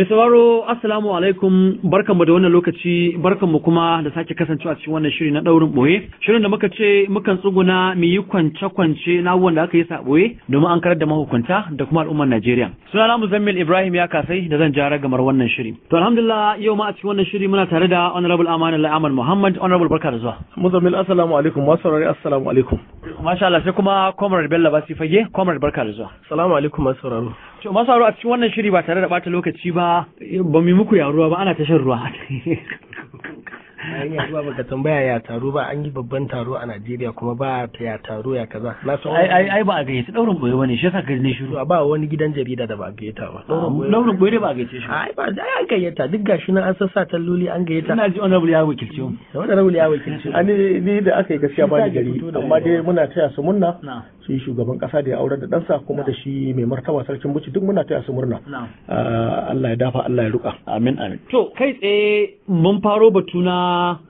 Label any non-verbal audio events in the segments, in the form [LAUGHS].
Mai sauraro Assalamu alaikum barkanmu da wannan lokaci barkanmu kuma da sake kasancewa cikin wannan shiri na daurin boye shirin da muka ce mukan tsuguna mu yi kwance kwance na abubuwan da aka yi saboye domin an karar da mahukunta da kuma al'ummar Najeriya. Suna na Muzammil Ibrahim ya kasai da zan jara gamar wannan shiri. To alhamdulillah yau ma a cikin wannan shiri muna tare da Honorable Amani Allah Aman Muhammad Honorable barka da zuwa. Muzammil assalamu alaikum masu saurari assalamu alaikum. Masha Allah sai kuma Comrade Bello Basi Fage Comrade barka da zuwa. Assalamu alaikum masu To masu a cikin wannan shiri ba tare da bata lokaci ba ba mu muku yaruwa ba ana tashar ruwa. Ai yaruwa baka tambaya ya taru ba an yi babban taro a Najeriya kuma ba ta ya taro ya kaza. Ai ai ba a gayyaci daurin boye bane shi yasa ka ne shiru. Ba wani gidan jarida da ba a gayyata ba. Daurin boye ba a gayyace shi. Ai ba ai an gayyata duk gashi nan an sassa talloli an gayyata. Ina ji honorable ya wakilci mu. Honorable ya wakilci mu. Ani ni da aka yi gaskiya ba ni gari amma dai muna taya su munna. shi shugaban kasa da ya aure da dansa kuma da shi mai martaba sarkin buci duk muna taya su murna ah, Allah ya dafa Allah ya ruka amin amin to kai tsaye mun faro batu na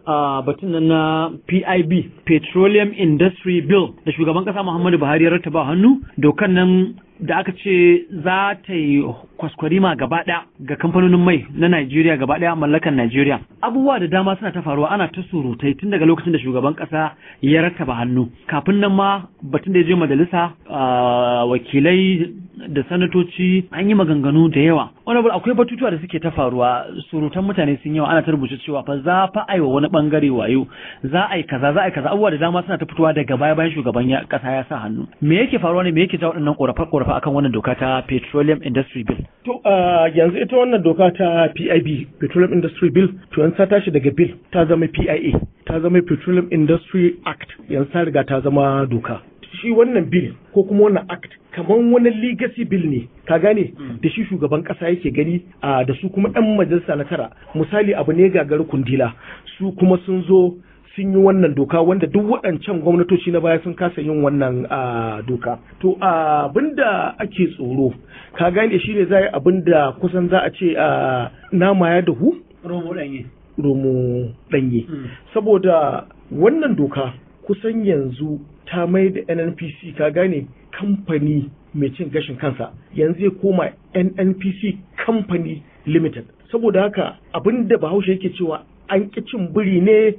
ah, batun na PIB Petroleum Industry Bill da shugaban kasa Muhammadu Buhari ya rattaba hannu dokan nan da aka ce za ta yi kwaskwarima gaba ɗaya ga kamfanonin mai na Najeriya gaba ɗaya mallakan Najeriya. Abubuwa da dama suna ta faruwa ana ta surutai tun daga lokacin da shugaban ƙasa ya rattaba hannu. Kafin nan ma batun da ya je majalisa ah, wakilai da sanatoci an yi maganganu da yawa wani akwai batutuwa da suke ta faruwa surutan mutane sun yawa ana ta rubuce cewa fa za fa aiwa wani bangare wayo za a yi kaza za a yi kaza abubuwa da dama suna ta fitowa daga baya bayan shugaban kasa ya sa hannu me yake faruwa ne me yake jawo waɗannan korafa korafa akan wannan doka ta petroleum industry bill to yanzu ita wannan doka ta PIB petroleum industry bill to yanzu ta tashi daga bill ta zama PIA ta zama petroleum industry act yanzu ta riga ta zama doka shi wannan bill ko kuma wannan act kaman wani legacy bill ne ka gane mm. da shi shugaban kasa yake gani a da su kuma ɗan majalisa na tara misali abu ne gagar kundila su kuma sun zo sun yi wannan doka wanda duk waɗancan gwamnatoci na baya sun kasa yin wannan doka to abin ake tsoro ka gane shi ne zai abin da kusan za a ce nama ya dahu romo ɗanye romo ɗanye mm. saboda wannan doka kusan yanzu ta mai da nnpc ka gane kamfani mai cin gashin kansa yanzu ya koma nnpc company limited saboda haka abin da bahaushe yake cewa an ƙi cin biri ne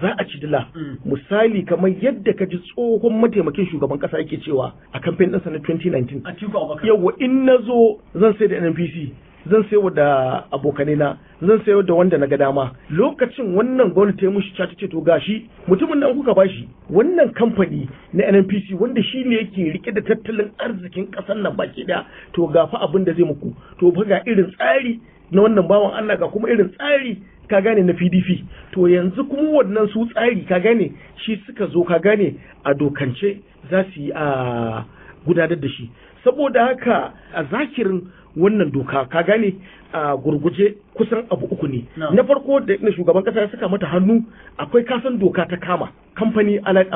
za a ci dila mm. misali kamar yadda ka ji tsohon mataimakin shugaban kasa yake cewa a kamfen ɗansa na 2019 yawa in na zo zan sai da nnpc zan sayo da abokane na zan sayo da wanda na ga dama lokacin wannan gwamnati ta mushi ta ce to gashi mutumin nan kuka bashi wannan kamfani na NNPC wanda shi ne yake rike da tattalin arzikin kasar nan baki daya to ga fa abin da zai muku to fa ga irin tsari na wannan bawan Allah ga kuma irin tsari ka gane na PDP to yanzu kuma wannan su tsari ka gane shi suka zo ka gane a dokance za su yi a gudanar da shi saboda haka a zakirin wannan doka ka gane a gurguje kusan abu uku ne na farko da shugaban kasa ya saka mata hannu akwai kasan doka ta kama kamfani allied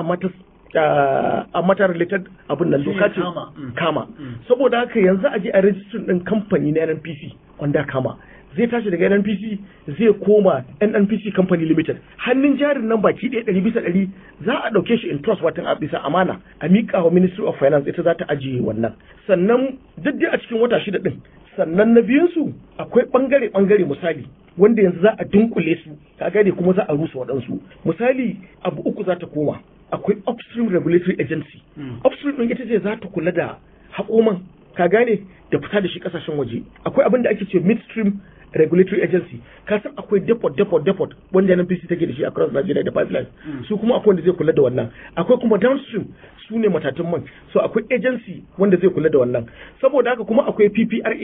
a mata related abin nan doka ce kama mm. Mm. saboda haka yanzu a je a rajistar din kamfani na NPC wanda kama zai tashi daga NNPC zai koma NNPC Company Limited hannun jarin nan baki ɗaya ɗari bisa ɗari za a ɗauke shi in trust watan a bisa amana a miƙa wa Ministry of Finance ita za ta ajiye wannan sannan duk a cikin wata shida ɗin sannan na biyunsu akwai ɓangare ɓangare misali wanda yanzu za a dunkule su ka gane kuma za a rusa waɗansu misali abu uku za ta koma akwai upstream regulatory agency hmm. upstream ɗin ita ce za ta kula da haƙoman ka gane da fita da shi kasashen waje akwai abin da ake ce midstream regulatory agency ka san akwai depot depot depot wanda NPC take da shi across Nigeria da pipeline hmm. su kuma akwai wanda zai kula da wannan akwai kuma downstream su ne matatun man so akwai agency wanda zai kula da wannan saboda haka kuma akwai PPRA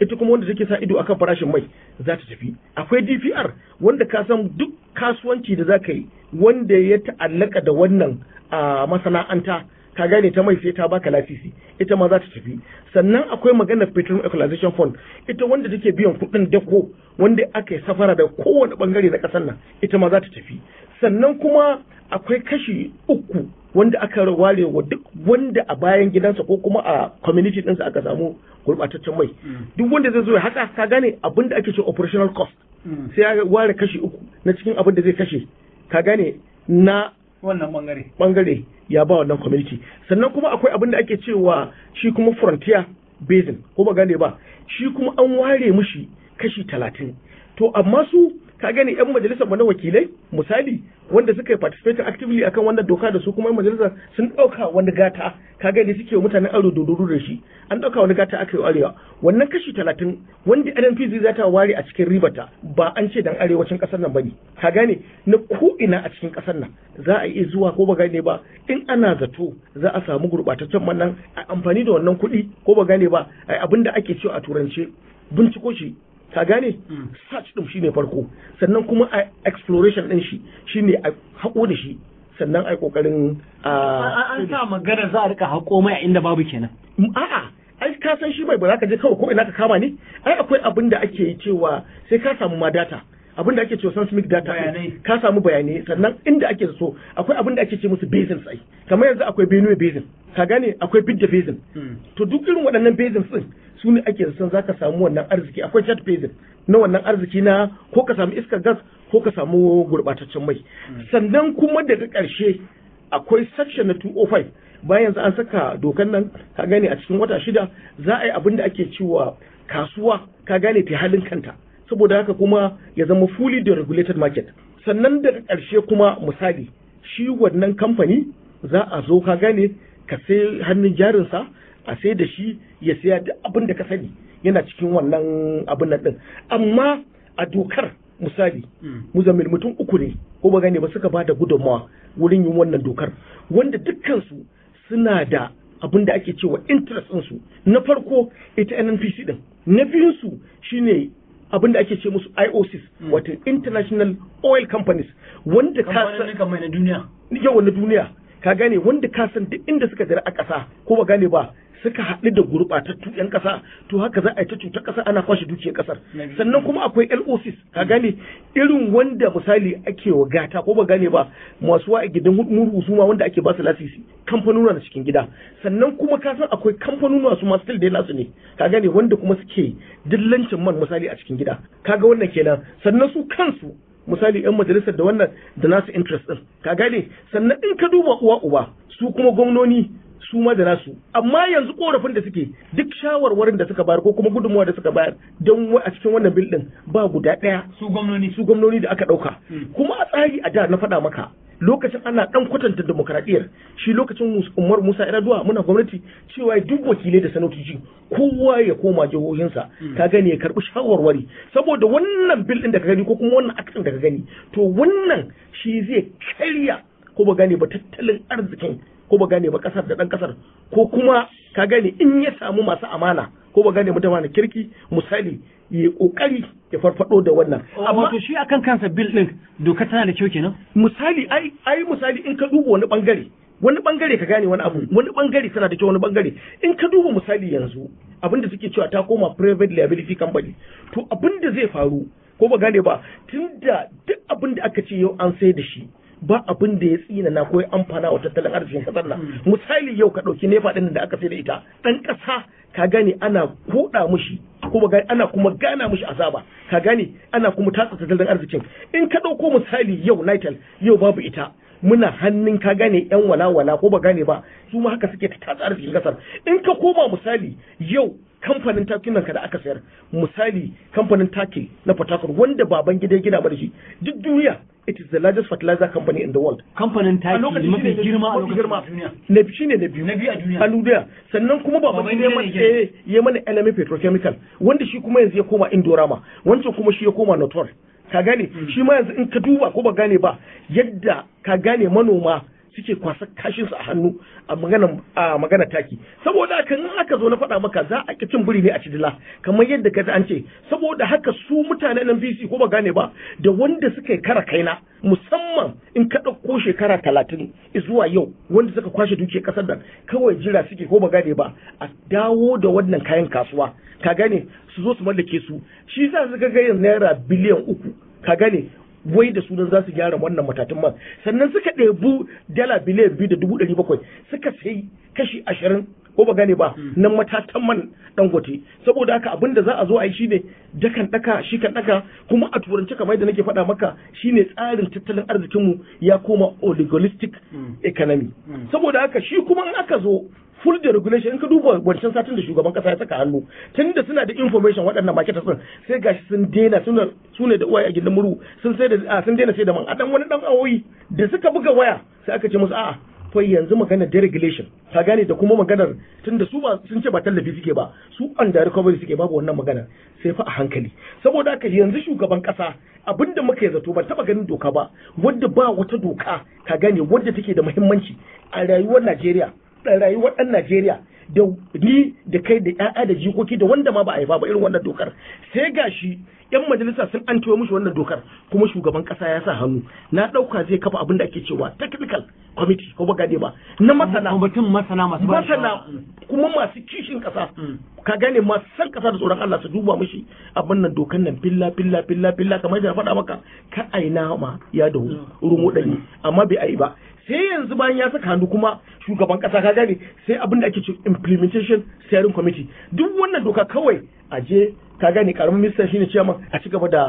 ita kuma wanda take sa ido akan farashin mai za ta tafi akwai DPR wanda ka san duk kasuwanci da zaka yi wanda ya ta'allaka da wannan ah, masana'anta ta gane ta mai sai ta baka lasisi ita ma za ta tafi sannan akwai magana petroleum equalization fund ita wanda take biyan kuɗin dako wanda aka safara da kowane bangare na kasar nan ita ma za ta tafi sannan kuma akwai kashi uku wanda aka ware wa duk wanda a bayan gidansa ko kuma a community ɗinsa aka samu gurbataccen mai mm. duk wanda zai zo ya haka ka gane abin da ake ce operational cost mm. sai ya ware kashi uku na cikin abin da zai kashe ka gane na wannan bangare bangare ya ba wannan community sannan kuma akwai abin da ake cewa shi kuma frontier basin ko ba gane ba shi kuma an ware mushi kashi talatin to amma su ka gani yan majalisar mana na wakilai misali wanda suka participate actively akan wannan doka da su kuma yan majalisar sun dauka wani gata ka gani suke wa mutanen aro dodoro da shi an dauka wani gata aka yi arewa wannan kashi talatin wanda NNPC za ta ware a cikin ribata ba an ce dan arewacin kasar nan bane ka gane na ko ina a cikin kasar nan za a iya zuwa ko ba gane ba in ana zato za a samu gurbataccen wannan a amfani da wannan kuɗi ko ba gane ba abinda ake cewa a turance binciko shi ka gane mm. search din shine farko sannan kuma a exploration din shi shine a hako da shi sannan a kokarin an sa magana za a rika hako mai inda babu kenan mm, a'a ai ka san shi mai ba za ka je kawai ko ina ka kama ne ai akwai abin da ake cewa sai ka samu ma data abin da ake cewa seismic data ka samu bayanai sannan inda ake so akwai abin da ake ce musu basin sai. kamar yanzu akwai Benue basin ka gane akwai Bidda basin mm. to duk irin waɗannan basins din su ne ake san za ka samu wannan arziki akwai chat basin na wannan arziki na ko ka samu iskar gas ko ka samu gurɓataccen mai sannan kuma daga ƙarshe akwai section na 205 bayan an saka dokan nan ka gane a cikin wata shida za a yi abin da ake cewa kasuwa ka gane ta halin kanta saboda haka kuma ya zama fully regulated market sannan daga karshe kuma misali shi wannan kamfani za a zo ka gane ka sai hannun jarinsa a sai da shi ya siya duk abin da ka sani yana cikin wannan abin nan din amma a dokar misali hmm. muzammil mutum uku ne ko ba gane ba suka ba da gudunmawa wurin yin wannan dokar wanda dukkansu suna da abin da ake cewa interest su na farko ita nnpc din na biyunsu shine abin da ake ce musu IOCs hmm. wato International Oil Companies wanda ka san na duniya yawan duniya ka gane wanda ka san duk inda suka dare a ƙasa ko ba gane ba suka haɗu da gurɓatattu 'yan ƙasa to haka za a yi ta cutar ƙasa ana kwashe dukiyar ƙasar sannan kuma akwai LOCs ka gane irin wanda misali ake wa gata ko ba gane ba masu wa a gidan murhu wanda ake ba su lasisi kamfanuna na cikin gida sannan kuma ka san akwai kamfanuna su masu tilde dai ne ka gane wanda kuma suke dillancin man misali a cikin gida kaga wannan kenan sannan su kansu misali 'yan majalisar da wannan da nasu interest ɗin. ka gane sannan in ka duba uwa uba su kuma gwamnoni su ma da nasu amma yanzu korafin da suke duk shawarwarin da suka bayar ko kuma gudunmuwa da suka bayar don a cikin wannan bil ba guda daya su gwamnoni su gwamnoni da aka dauka hmm. kuma a tsari a da na faɗa maka lokacin ana dan kwatanta demokradiyyar shi lokacin Umar Musa Iraduwa muna gwamnati cewa duk wakilai da sanatoci kowa ya koma jihohinsa hmm. ka gani ya karbi shawarwari saboda wannan bil da ka gani ko kuma wannan aktin da ka gani to wannan shi zai karya ko ba gane ba tattalin arzikin ko ba gane ba kasar da dan kasar ko kuma ka gane in ya samu masu amana ko ba gane mutane kirki misali ya kokari ya farfado da wannan oh, amma to shi akan kansa bill din doka tana da kyau kenan misali ai ai misali in ka duba wani bangare wani bangare ka gane wani abu wani bangare tana da kyau wani bangare in ka duba misali yanzu abinda suke cewa ta koma private liability company to abinda zai faru ko ba gane ba tunda duk abinda aka ce yau an sai da shi ba abin da ya tsina na ko ya amfana wa tattalin arzikin kasar nan hmm. misali yau ka ɗauki nefa ɗin da aka sai da ita ɗan ƙasa ka gane ana koɗa mushi kuma ana kuma gana mushi azaba ka gane ana kuma tatsa tattalin arzikin in ka ɗauko misali yau nitel yau babu ita muna hannun ka gane yan wala-wala ko ba gane ba su ma haka suke ta tatsa arzikin kasar in ka koma misali yau kamfanin takunan ka da aka sayar misali kamfanin take na Fatakur wanda baban gida ya gina ba da shi duk duniya it is the largest fertilizer company in the world kamfanin taki mafi girma a lokacin girma na biyu shine na biyu na biyu a duniya a duniya sannan kuma baban gida ya mana eh, ya mana petrochemical wanda shi kuma yanzu ya koma Indorama wancan kuma shi ya koma Notor ka gane hmm. shi ma yanzu in ka duba ko ba gane ba yadda ka gane manoma suke kwasa kashin su a hannu a magana a magana taki saboda haka in aka zo na faɗa maka za a cin buri ne a cidila kamar yadda ka an ce saboda haka su mutanen NPC ko ba gane ba da wanda suka kara kaina musamman in ka ɗauko shekara talatin zuwa yau wanda suka kwashe duke ƙasar nan kawai jira suke ko ba gane ba a dawo da wannan kayan kasuwa ka gane su zo su mallake su shi sa suka ga yanzu naira biliyan uku ka gane wai da sunan za su gyara wannan matatun man sannan suka ɗebu dala biliyan biyu da dubu ɗari bakwai suka sai kashi ashirin ko ba gane ba hmm. na matatan man dangote saboda haka abin da za a zo a yi shine dakan daka shi kan daka kuma a turanci kamar da nake faɗa maka shine tsarin tattalin arzikinmu ya koma oligolistic hmm. economy hmm. saboda haka shi kuma in aka zo full da regulation in ka duba wancan satin da shugaban kasa ya saka hannu tunda suna da information waɗannan market din sai gashi sun daina suna sune da uwaye a gindin muru sun sai da sun daina sai da man a wani dan awoyi da suka buga waya sai aka ce musu a'a to yanzu magana deregulation ka gane da kuma maganar tunda su ba sun ce ba tallafi suke ba su an da recovery suke babu wannan magana sai fa a hankali saboda haka yanzu shugaban kasa abinda muka yi zato ba taba ganin doka ba wadda ba wata doka ka gane wadda take da muhimmanci a rayuwar Najeriya rayuwar ɗan Najeriya da ni da kai da ƴaƴa da jikoki da wanda ma ba a yi ba irin wannan dokar sai gashi yan majalisa sun an tawo mishi wannan dokar kuma shugaban kasa ya sa hannu na ɗauka zai kafa abin da ake cewa technical committee ko ba gade ba na masana masana masu masana kuma masu kishin kasa mm. ka gane ma san kasa da tsoron Allah su duba mishi abin nan dokan nan filla filla filla filla kamar yadda faɗa maka ka aina ma ya da rumu dani amma bai ai ba sai yanzu bayan ya saka hannu kuma shugaban kasa ka gane sai abin da ake ce implementation steering committee duk wannan doka kawai a je ka gane karamin minister shine ciyaman a ci gaba da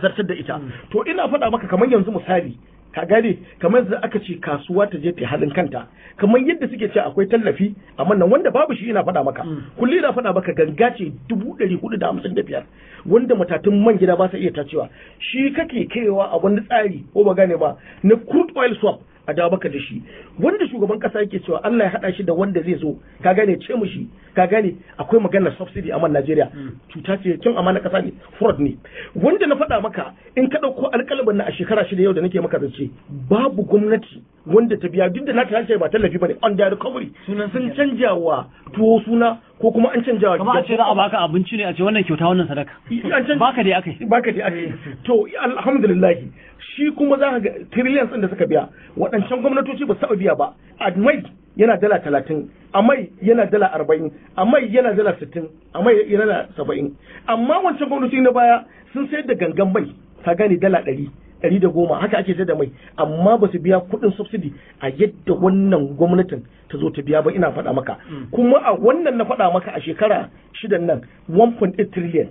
zartar da ita mm. to ina faɗa maka kamar yanzu misali ka gane kamar da aka ce kasuwa ta je ta halin kanta kamar yadda suke ce akwai tallafi amma nan wanda babu shi yana faɗa maka mm. kulli yana faɗa maka ganga ce dubu ɗari hudu da hamsin da biyar wanda matatun man gida ba sa iya tacewa shi kake kaiwa a wani tsari ko ba gane ba na crude oil swap a dawo maka da shi wanda shugaban kasa yake cewa Allah ya hada shi da wanda zai zo ka gane ce mushi ka gane akwai maganar subsidy a man Najeriya hmm. cuta ce kin amana kasa ne fraud ne wanda na faɗa maka in ka dauko alƙalban na a shekara shida yau da nake maka zance babu gwamnati wanda ta biya duk da na ta ba tallafi bane on the recovery sunan sun canja wa tuwo suna ko kuma an canja wa kamar a ce za a baka abinci ne a ce wannan kyauta wannan sadaka baka dai akai baka dai akai eh. to alhamdulillah shi kuma za ka ga trillions din da suka biya waɗancan gwamnatoci ba su biya ba a mai yana dala 30 a mai yana dala 40 a mai yana dala 60 a mai yana dala 70. amma wancan gwamnatoci na baya sun sayar da gangan mai ka gane dala 100. ɗari da goma haka ake da mai amma ba su biya kuɗin subsidi a yadda wannan gwamnatin ta zo ta biya ba ina faɗa maka mm. kuma a wannan na faɗa maka a shekara shidan nan 1.8 trillion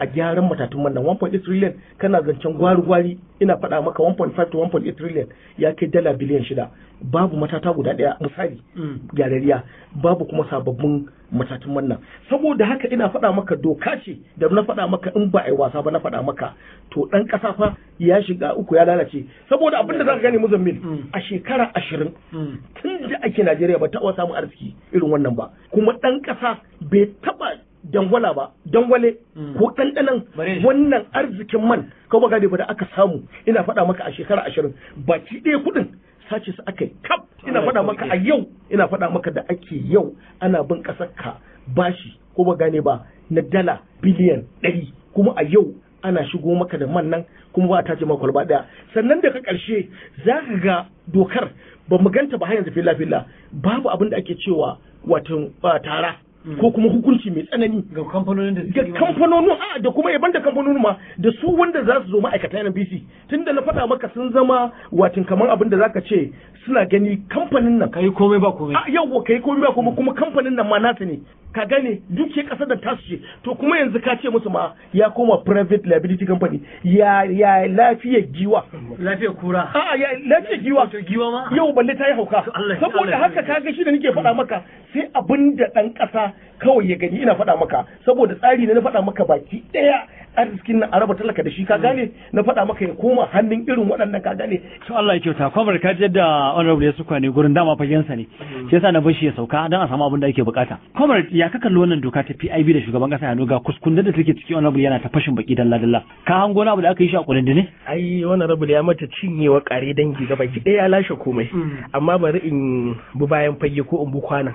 a gyaran matatun man 1.8 trillion kana zancen gwari gwari ina faɗa maka 1.5 to 1.8 trillion ya kai dala biliyan shida babu matata guda ɗaya misali mm. gyararriya babu kuma sababbin matatun man saboda haka ina faɗa maka doka ce da na faɗa maka in ba a yi wasa ba na faɗa maka to ɗan ƙasa fa ya shiga uku ya lalace saboda abin da za ka gane muzammil mm. a shekara ashirin mm. tun da ake najeriya ba wasa samun arziki irin wannan ba kuma ɗan ƙasa bai taɓa dangwala ba dangwale mm. ko ɗanɗanan wannan arzikin man ka ba ba da aka samu ina faɗa maka a shekara ashirin baki ɗaya kuɗin sace su aka yi kaf ina faɗa maka a yau ina faɗa maka da ake yau ana bin ƙasar ka bashi ko ba gane ba na dala biliyan ɗari kuma a yau ana shigo maka da man nan kuma ba ta ce ma kwalba ɗaya sannan daga ƙarshe za ka ga dokar ba mu ganta ba har yanzu fila babu abin da ake cewa wato tara Mm. ko kuma hukunci mai tsanani ga kamfanonin da ga kamfanonin a da kuma yaban da kamfanonin ma da su wanda za su zo ma'aikata na BC tunda na faɗa maka sun zama watin kamar abin da zaka ce suna gani kamfanin nan kai komai ba komai a yawa kai komai ba komai kuma kamfanin nan ma nasa ne ka gane dukiyar ƙasar da tasu ce to kuma yanzu ka ce musu ma ya koma private liability company ya ya lafiyar giwa lafiyar kura a ya lafiyar giwa yau balle ta yi hauka saboda haka ka ga shi da nake faɗa maka sai abin da ɗan ƙasa kawai ya gani ina faɗa maka saboda tsari na na faɗa maka baki ɗaya arzikin na araba talaka da shi ka gane na faɗa maka ya koma hannun irin waɗannan ka gane to Allah ya kyauta kwamar ka ji yadda honorable ya suka ne gurin dama fagen sa ne shi yasa na bashi ya sauka dan a samu abin da ake bukata kwamar ya ka kalli wannan doka ta PIB da shugaban kasa ya noga kuskun da take ciki honorable yana ta fashin baki dalla dalla ka hango na abu da aka yi shi a kullun ne ai honorable ya mata cinyewa kare dangi gaba ki ɗaya ya lashe komai hmm. amma bari in bu bayan fage ko in bu kwana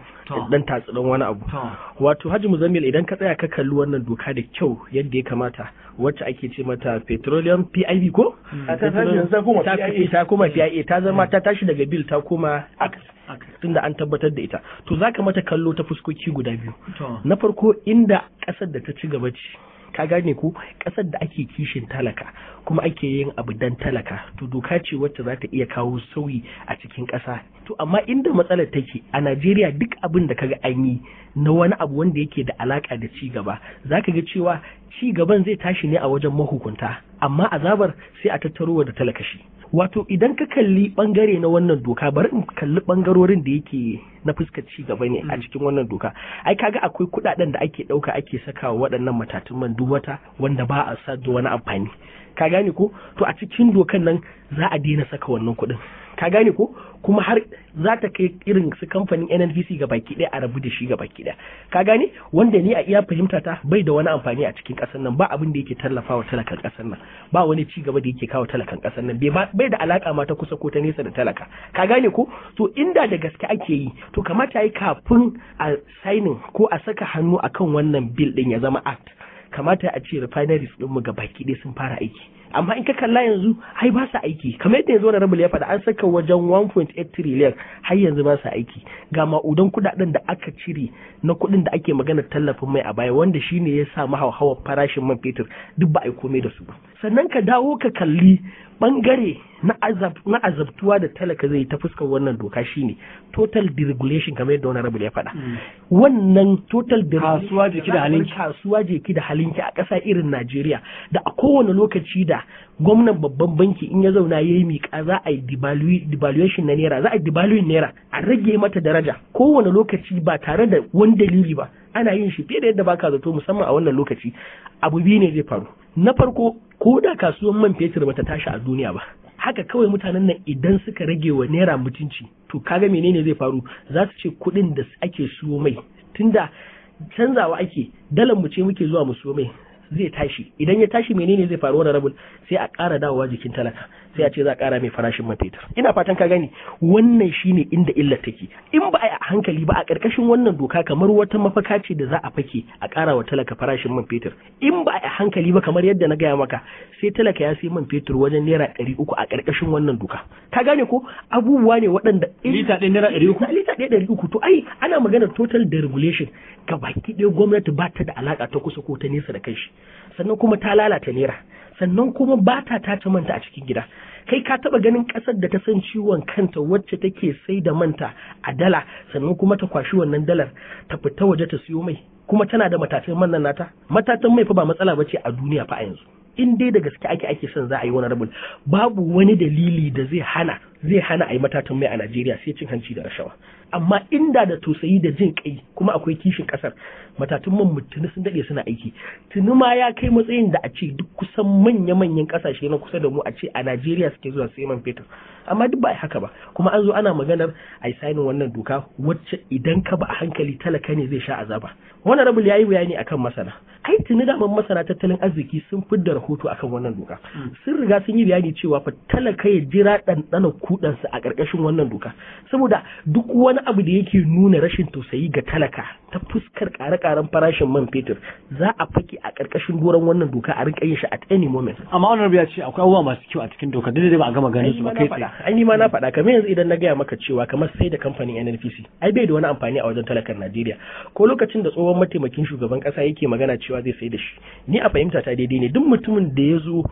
dan tatsi wani abu wato Haji Muzammil idan ka tsaya ka kalli wannan doka da kyau yadda ya kamata wacce ake ce mata petroleum PIB ko? Mm. Ta koma PIA mm. ta zama mm. ta tashi daga bil ta koma tunda an tabbatar da ita. To za ka mata kallo ta fuskoki guda biyu. Na farko inda ƙasar da ta ci gaba ce. ka gane ko ƙasar da ake kishin talaka kuma ake yin abu dan talaka to doka ce wacce za ta iya kawo sauyi a cikin ƙasa to amma inda matsalar take a Najeriya duk abin da kaga an yi na wani abu wanda yake da alaka da ci gaba zaka ga cewa ci gaban zai tashi ne a wajen mahukunta amma azabar sai a tattarowa da talakashi wato idan ka kalli bangare na wannan doka bari in kalli bangarorin da yake na fuskar ci gaba ne a mm. cikin wannan doka ai kaga akwai kudaden da ake dauka ake sakawa waɗannan matatun man duwata wata wanda ba a sa da wani amfani ka gane ko to a cikin dokan nan za a daina saka wannan kuɗin ka gane ko kuma har za ta kai irin su kamfanin NNPC ga baki ɗaya a rabu da shi ga baki ɗaya ka gane wanda ni a iya fahimta ta bai da wani amfani a cikin ƙasar nan ba abin da yake tallafawa talakan ƙasar nan ba wani ci gaba da yake kawo talakan ƙasar nan bai da alaka ma ta kusa ko ta nesa da talaka ka gane ko to inda da gaske ake yi to kamata yi kafin a sainin ko a saka hannu akan wannan bil ɗin ya zama act kamata a ce refineries ɗinmu ga baki ɗaya sun fara aiki amma in ka kalla yanzu hai ba su aiki kamar yadda yanzu wani rabu ya faɗa an saka wajen 1.8 trillion har yanzu ba su aiki ga ma'udan kudaden da aka cire na kuɗin da ake magana tallafin mai a baya wanda shine ya sa mahauhawar farashin man fetur duk ba a yi komai da su ba sannan ka dawo ka kalli bangare na azabtuwa da talaka zai ta fuskar wannan doka shine total deregulation kamar yadda wani rabu ya faɗa hmm. wannan total kasuwa da kasuwa jeki da halinki a ƙasa irin Najeriya da a kowane lokaci da gwamnan babban banki in ya zauna ya yi miƙa za a yi devaluation na naira za a yi devaluation naira a rage mata daraja kowane lokaci ba tare da wani dalili ba ana yin shi fiye da yadda baka zato musamman a wannan lokaci abu biyu ne zai faru na farko ko da kasuwan man fetur bata tashi a duniya ba haka kawai mutanen nan idan suka rage wa naira mutunci to kaga menene zai faru za su ce kuɗin da ake siyo mai tunda canzawa ake dalan mu ce muke zuwa mu siyo mai zai tashi idan ya tashi menene zai faru wannan rabin sai a ƙara dawowa jikin talaka sai a ce za a ƙara mai farashin man fetur ina fatan ka gani wannan shine inda illar take in ba a hankali ba a ƙarƙashin wannan doka kamar wata mafaka ce da za a fake a ƙara wa talaka farashin man fetur in ba a hankali ba kamar yadda na gaya maka sai talaka ya sai man fetur wajen naira ɗari uku a ƙarƙashin wannan doka ka gane ko abubuwa ne waɗanda lita ɗaya naira ɗari uku lita ɗaya ɗari uku to ai ana maganar total deregulation ga baki ɗaya gwamnati ba ta da alaƙa ta kusa ko ta nesa da kai shi sannan kuma ta lalata naira sannan kuma ba ta tace manta a cikin gida kai ka taɓa ganin kasar da ta san ciwon kanta wacce take sai da manta a dala sannan kuma ta kwashi wannan dalar ta fita waje ta siyo mai kuma tana da matatan man nan nata matatan mai fa ba matsala ba ce a duniya fa a yanzu in dai da gaske ake ake son za a yi wani rabin babu wani dalili da zai hana zai hana a yi matatan mai a Najeriya sai cin hanci da rashawa amma inda da tausayi da jin kai kuma akwai kishin kasar matatun man mutuni sun dade suna aiki tuni ma ya kai matsayin da a ce duk kusan manya-manyan kasashe na kusa da mu a ce a Najeriya suke zuwa su man fetur amma duk ba haka ba kuma an zo ana maganar a sainin wannan doka wacce idan ka ba a hankali talaka ne zai sha azaba wannan rabul yayi bayani akan masana ai tuni daman masana tattalin arziki sun fidda rahoto akan wannan doka hmm. sun riga sun yi bayani cewa fa talaka ya jira ɗanɗana kudansa a karkashin wannan doka saboda duk wani wani abu da yake nuna rashin tausayi ga talaka ta fuskar kare-karen farashin man fetur za a fake a ƙarƙashin doron wannan doka a rinƙa yin shi at any moment. Amma wannan ya ce akwai abubuwa masu kyau a cikin doka duk da ba a gama ganin su ba kai tsaye. Ai ma na faɗa kamar yanzu idan na gaya maka cewa kamar sai da kamfanin NNPC ai bai da wani amfani a wajen talakar Najeriya ko lokacin da tsohon mataimakin shugaban ƙasa yake magana cewa zai sai da shi ni a fahimta ta daidai ne duk mutumin da ya zo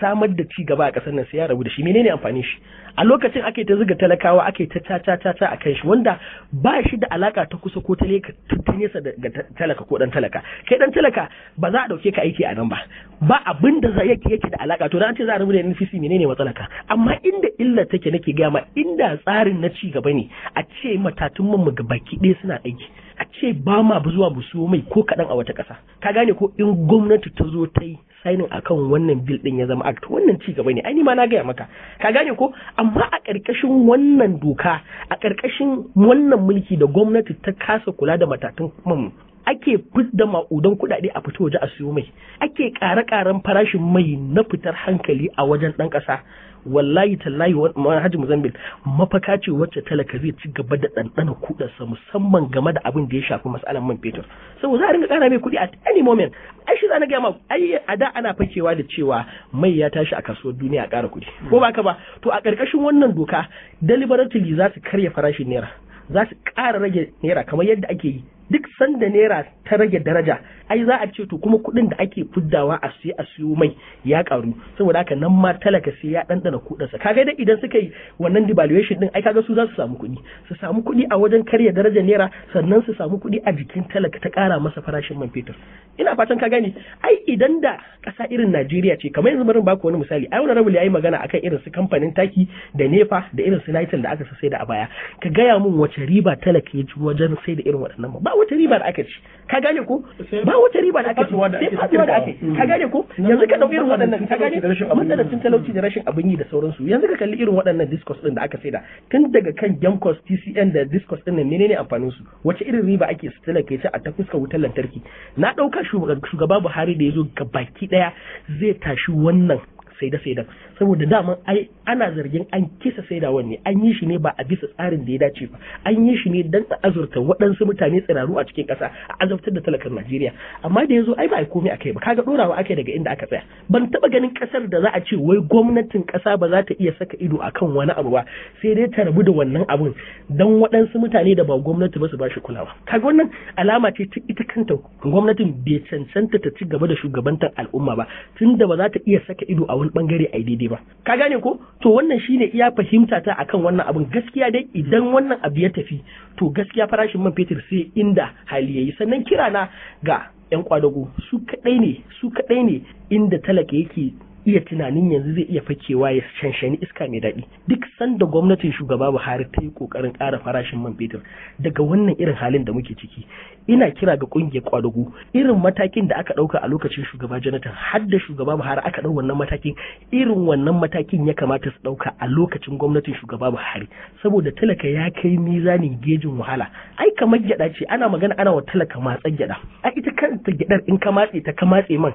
samar da ci gaba a ƙasar nan sai ya rabu da shi menene amfanin shi a lokacin ake ta zuga talakawa ake ta ta ta ta a kan shi wanda ba shi da alaka ta kusa ko ta nesa ga talaka ko dan talaka kai dan talaka ba za a dauke ka aiki a nan ba ba abin da za yake yake da alaka to dan ce za a rabu da NCC menene matsalaka. amma inda illar take nake gaya ma inda tsarin na ci gaba ne a ce matatun mu ga baki ɗaya suna aiki ce ba ma zuwa bu siyo mai ko kaɗan a wata ƙasa ka gane ko in gwamnati ta zo ta yi sainin akan wannan bil ɗin ya zama act wannan ci gaba ne ai ma na gaya maka ka gane ko amma a ƙarƙashin wannan doka a ƙarƙashin wannan mulki da gwamnati ta kasa kula da matatun mamu ake fidda ma'udan kuɗaɗe a fito waje a siyo mai ake ƙare-ƙaren farashin mai na fitar hankali a wajen ɗan ƙasa wallahi tallahi manhajin muzambil mafaka ce wacce talaka zai ci gaba da ɗanɗana kuɗarsa musamman game da abin da ya shafi matsalar man fetur saboda za a ringa ƙara mai kuɗi at any moment ai shi zana ai a da ana fakewa da cewa mai ya tashi a kasuwar duniya a ƙara kuɗi ko ba ba to a ƙarƙashin wannan doka deliberately za su karya farashin naira za su ƙara rage naira kamar yadda ake yi duk sanda naira ta rage daraja ai za a ce to kuma kuɗin da ake fuddawa a sai a siyo mai ya karu saboda haka nan ma talaka sai ya ɗanɗana kuɗinsa kaga dai idan suka yi wannan devaluation din ai kaga su za su samu kuɗi su samu kuɗi a wajen karya darajar naira sannan su samu kuɗi a jikin talaka ta ƙara masa farashin man fetur ina fatan ka gane ai idan da ƙasa irin Najeriya ce kamar yanzu barin baku wani misali ai wani rabu yayi magana akan irin su kamfanin taki da nefa da irin su da aka sai da a baya ka gaya mun wace riba talaka ya ji wajen sai da irin waɗannan ba wata riba da aka ci ka gane ko ba wata riba da aka ci sai fasuwa da ake ka gane ko yanzu ka dauki irin waɗannan ka gane matsalar cin talauci da rashin abin yi da sauransu yanzu ka kalli irin waɗannan discourse din da aka saida tun daga kan Gemcos TCN da discourse din nan menene amfanin su wace irin riba ake tsila kai ta a ta fuskar wutar lantarki na ɗauka shugaba Buhari da ya zo yazo gabaki ɗaya zai tashi wannan saida da sai da saboda dama ai ana zargin an kisa sai da wanne an yi shi ne ba a bisa tsarin da ya dace ba an yi shi ne dan a azurta waɗansu mutane tsiraru a cikin ƙasa a azabtar da talakar Najeriya amma da zo ai ba a komai akai ba kaga dorawa akai daga inda aka tsaya ban taba ganin ƙasar da za a ce wai gwamnatin ƙasa ba za ta iya saka ido akan wani abu ba sai dai ta rabu da wannan abun dan waɗansu mutane da ba gwamnati ba su ba shi kulawa kaga wannan alama ce ta ita kanta gwamnatin bai cancanta ta ci gaba da shugabantar al'umma ba tunda ba za ta iya saka ido a wani wani bangare a daidai ba ka gane ko to wannan shine iya fahimta ta akan wannan abin gaskiya dai idan wannan abu ya tafi to gaskiya farashin man fetur sai inda hali yayi sannan kirana ga yan kwadago su kadai ne su kadai ne inda talaka yake iya tunanin yanzu zai iya fakewa ya shanshani iska mai daɗi duk sanda gwamnatin shugaba Buhari ta yi ƙoƙarin ƙara farashin man fetur daga wannan irin halin da muke ciki ina kira ga ƙungiyar kwadugu irin matakin da aka ɗauka a lokacin shugaba Jonathan har da shugaba Buhari aka ɗau wannan matakin irin wannan matakin ya kamata su ɗauka a lokacin gwamnatin shugaba Buhari saboda talaka ya kai mizanin gejin wahala ai kamar gyaɗa ce ana magana ana wa talaka matsan gyaɗa a ita kanta gyaɗar in ka matse ta ka matse man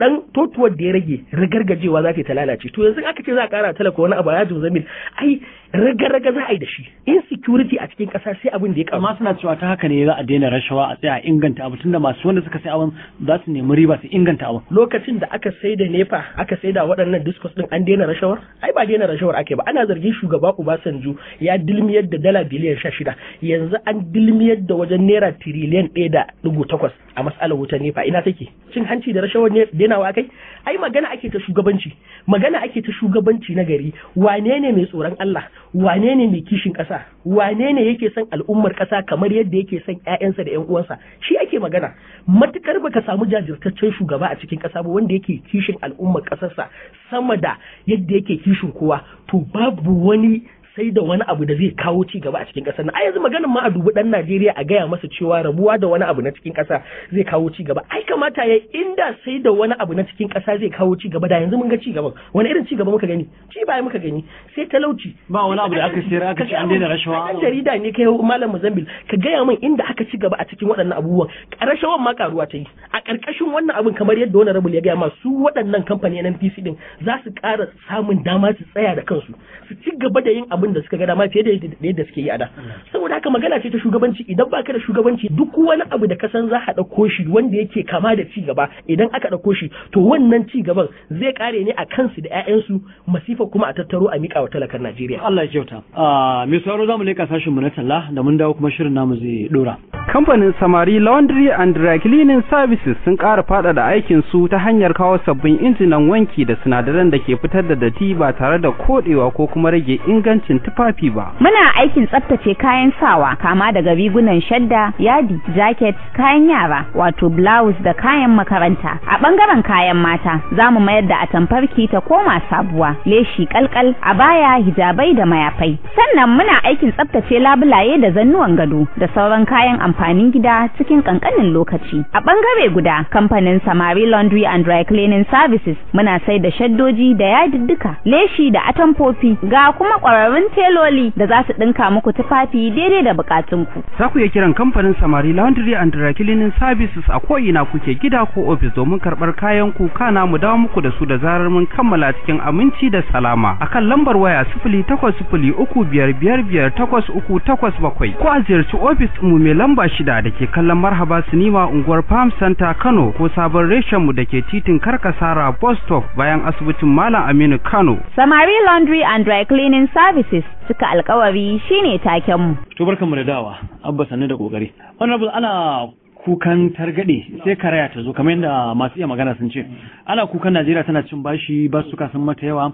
dan totuwar da ya rage rigargajewa za ta lalace to yanzu aka ce za a kara talaka wani abu ya jin zamil ai raga-raga za a yi da shi in insecurity a cikin kasa sai abin da ya kama amma suna cewa ta haka ne za a daina rashawa a tsaya inganta abu tunda masu wanda suka sai abin za su nemi riba su inganta abu lokacin da aka sai da nefa aka sai da waɗannan discos din an daina rashawar ai ba daina rashawar ake ba ana zargin shugaba Obasanjo ya dilmiyar da dala biliyan shida yanzu an dilmiyar da wajen naira tiriliyan ɗaya da ɗugu takwas a matsalar wutar nepa ina take cin hanci da rashawar ne dainawa kai ai magana ake ta shugabanci magana ake ta shugabanci na gari wane ne mai tsoron Allah wane ne mai kishin ƙasa wane ne yake son al'ummar ƙasa kamar yadda yake son ƴaƴansa da ƴan uwansa shi ake magana matukar baka samu jajirtaccen shugaba a cikin ƙasa ba wanda yake kishin al'ummar ƙasarsa sama da yadda yake kishin kowa to babu wani sai da wani abu da zai kawo ci gaba a cikin ƙasar nan a yanzu maganin ma a dubi ɗan Najeriya a gaya masa cewa rabuwa da wani abu na cikin ƙasa zai kawo ci gaba ai kamata ya inda sai da wani abu na cikin ƙasa zai kawo ci gaba da yanzu mun ga ci gaba wani irin ci gaba muka gani ci baya muka gani sai talauci ba wani abu da aka sayar aka ci an daina rashawa ɗan jarida ne kai malam Mozambique ka gaya min inda aka ci gaba a cikin waɗannan abubuwan rashawan ma karuwa ta yi a ƙarƙashin wannan abin kamar yadda wani rabul ya gaya ma su waɗannan kamfani NPC din za su ƙara samun dama su tsaya da kansu su ci gaba da yin abu abin da suka ga dama fiye da yadda suke yi a da saboda haka magana ce ta shugabanci idan baka da shugabanci duk wani abu da kasan za a ɗauko shi wanda yake kama da ci gaba idan aka ɗauko shi to wannan ci gaban zai kare ne a kansu da 'ya'yansu masifa kuma a tattaro a miƙa wa talakar Najeriya Allah ya kyauta ah, mai sauraro mu leƙa sashin mu na talla da mun dawo kuma shirin namu zai dora kamfanin Samari Laundry and Dry Cleaning Services sun ƙara faɗaɗa aikin su ta hanyar kawo sabbin injinan wanki da sinadaran da ke fitar da datti ba tare da koɗewa ko kuma rage ingancin aikin tufafi ba muna aikin tsaftace kayan sawa kama daga rigunan shadda yadi jacket kayan yara wato blouse da kayan makaranta a bangaren kayan mata za mu mayar da atamfarki ta koma sabuwa leshi kalkal a baya hijabai da mayafai sannan muna aikin tsaftace labulaye da zannuwan gado da sauran kayan amfanin gida cikin kankanin lokaci a bangare guda kamfanin samari laundry and dry cleaning services muna sai da shaddoji da yadiddika leshi da atamfofi ga kuma ƙwararrun ƙwararrun teloli da za su ɗinka muku tufafi daidai da buƙatunku. Za ku iya kiran kamfanin Samari Laundry and Dry Cleaning Services a ko'ina kuke gida ko ofis domin karɓar kayan ku kana mu dawo muku da su da zarar mun kammala cikin aminci da salama. A kan lambar waya sifili takwas sifili uku biyar biyar biyar takwas uku takwas bakwai ko a ziyarci ofis mu mai lamba shida da ke kallon Marhaba Sinima unguwar Farm Center Kano ko sabon reshen mu da ke titin Karkasara Bus Stop bayan asibitin Malam Aminu Kano. Samari Laundry and Dry Cleaning Services justice cika alkawari shine mu To barkanmu da dawa, Abba sannu da kokari. Honorable ana kukan targaɗe sai karaya ta zo kamar yadda masu iya magana sun ce ana kukan najeriya tana cin bashi ba su kasan mata yawa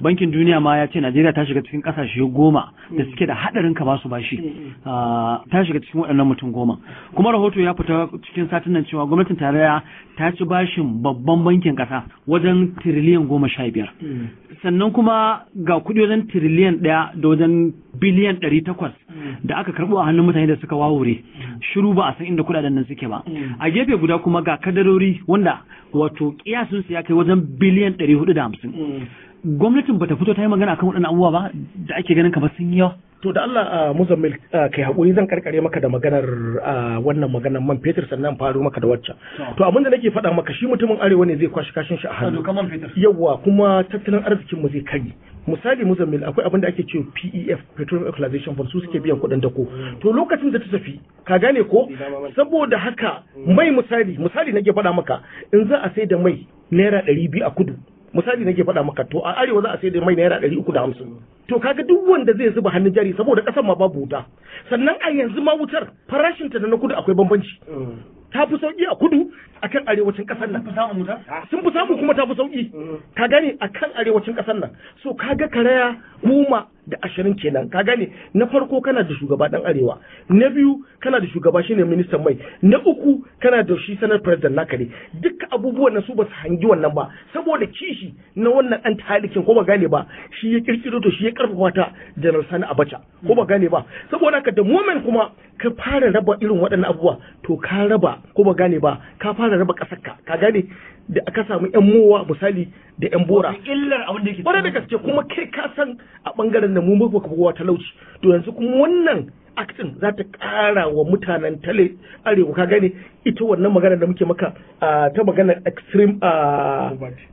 bankin duniya ma ya ce najeriya ta shiga cikin kasashe goma da suke da haɗarin ka basu bashi ah, ta shiga cikin waɗannan mutum goma kuma rahoto ya fita cikin satin nan cewa gwamnatin tarayya ta ci bashin babban bankin ƙasa wajen tiriliyan goma sha biyar sannan kuma ga kuɗi wajen tiriliyan ɗaya da wajen biliyan ɗari takwas da aka karɓo a hannun mutane da suka wawure shiru ba a san inda kudaden nan suke ba mm. a gefe guda kuma ga kadarori wanda wato kiyasin su ya kai wajen biliyan da 450 mm. gwamnatin bata fito ta yi magana akan waɗannan abubuwa ba da ake ganin kamar sun yi yawa to da Allah a ah, muzammil ah, kai hakuri zan karkare maka da maganar ah, wannan maganar man fetur sannan faru maka da wacce to abinda nake faɗa maka shi mutumin arewa ne zai kwashi kashin shi a hannu Yawwa kuma tattalin arzikin mu zai kari misali muzammil akwai abin da ake ce PEF petroleum equalization fund su suke biyan kuɗin ko to lokacin da ta tafi ka gane ko saboda haka mai misali misali nake faɗa maka in za a sai da mai naira ɗari biyu a kudu misali nake faɗa maka to a arewa za a sai da mai naira ɗari uku da hamsin to kaga duk wanda zai zuba hannun jari saboda ƙasar ma babu wuta sannan a yanzu ma wutar farashinta da na kudu akwai bambanci ta fi sauki a kudu akan arewacin ƙasar nan sun fi samu kuma ta fi sauki ka gane akan arewacin ƙasar nan so kaga karaya kuma da ashirin kenan ka gane na farko kana da shugaba dan arewa na biyu kana da shugaba shine ministan mai na uku kana da shi sanar president naka ne abubuwan nan su ba su hangi wannan ba saboda kishi na wannan dan talikin ko ba gane ba shi ya kirkiro to shi ya karfafa ta general sani abacha ko ba gane ba saboda ka da moment kuma ka fara raba irin waɗannan abubuwa to ka raba ko ba gane ba ka fara raba ƙasarka ka gane da aka samu yan mowa misali da yan bora illar da wanda da gaske kuma kai ka san a bangaren da mu ba kowa talauci to yanzu kuma wannan aktin za ta kara wa mutanen tale arewa ka gane ita wannan magana da muke maka ta maganar extreme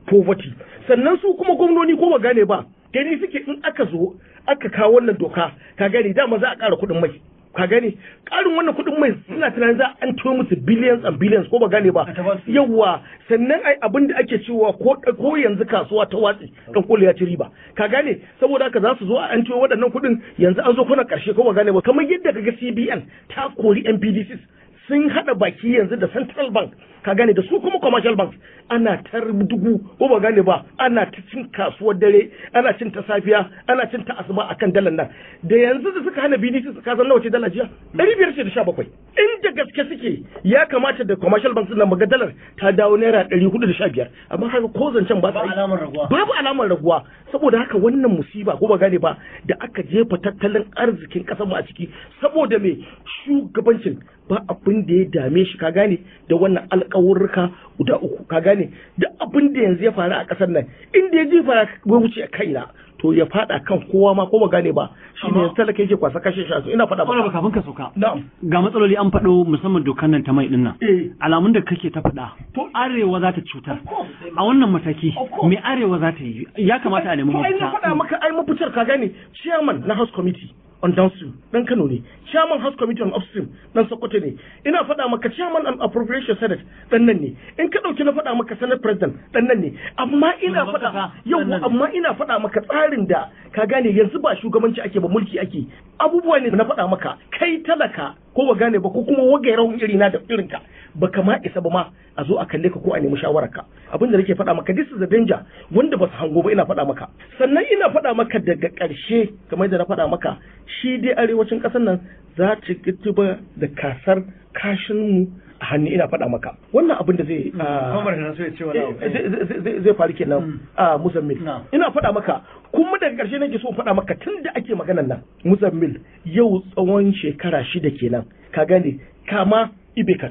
poverty sannan su kuma gwamnoni ko ba gane ba gani suke in aka zo aka kawo wannan doka ka gane dama za a kara kuɗin mai ka gani ƙarin wannan kuɗin mai suna tunanin za an tuwo musu billions and billions ko ba gane ba yawa sannan ai abin da ake cewa ko ko yanzu kasuwa ta watsi dan kullu ya ci riba ka gane saboda haka za su zo a an tuwo waɗannan kuɗin yanzu an zo kuna ƙarshe ko ba gane ba kamar yadda kaga CBN ta kori NPDCs sun hada baki yanzu da Central Bank ka gane da su kuma commercial bank ana tar dugu ko ba gane ba ana cin kasuwar dare ana cin ta safiya ana cin ta asuba akan dalar nan da yanzu da suka hana BDC su kasan nawa ce dala jiya ɗari biyar da inda gaske suke ya kamata da commercial banks nan maga dalar ta dawo naira ɗari hudu da biyar amma haka ko zancen ba ta babu alamar raguwa saboda haka wannan musiba ko ba gane ba da aka jefa tattalin arzikin kasar mu a ciki saboda me shugabancin ba abin da ya dame shi ka gane da wannan alƙawurruka guda uku ka gane da abin da yanzu ya faru a ƙasar nan inda ya ji fara wuce kaina to ya fada kan kowa ma ko ba gane ba shi ne talaka yake kwasa kashe shi ina fada ba kafin ka soka ga matsaloli an fado musamman dokan nan ta mai din nan eh. alamun da kake ta fada to arewa za ta cutar a wannan mataki me arewa za ta yi ya kamata a nemi mafita ai na fada maka ai mafitar ka gane chairman na house committee on downstream dan Kano ne chairman house committee on upstream dan Sokoto ne ina faɗa maka chairman and appropriation senate dan nan ne in ka ɗauki na faɗa maka senate president dan nan ne amma ina faɗa yau amma ina faɗa maka tsarin da ka gane yanzu ba shugabanci ake ba mulki ake abubuwa ne na faɗa maka kai talaka ko ba gane ba ko kuma wagairar iri na da irin ka ba kama isa ba ma a zo a kalle ka ko a nemi shawarar ka abin da nake faɗa maka this is a danger wanda ba su hango ba ina faɗa maka sannan ina faɗa maka daga ƙarshe kamar da na faɗa maka shi dai arewacin ƙasar nan za ta gituba da kasar kashin mu hannu ina faɗa maka wannan abin da zai hmm. ah, eh, zai faru kenan hmm. a ah, musammil ina faɗa maka kuma daga ƙarshe nake so faɗa maka tun da ake maganan nan musammil yau tsawon shekara shida kenan ka gane kama ibe ka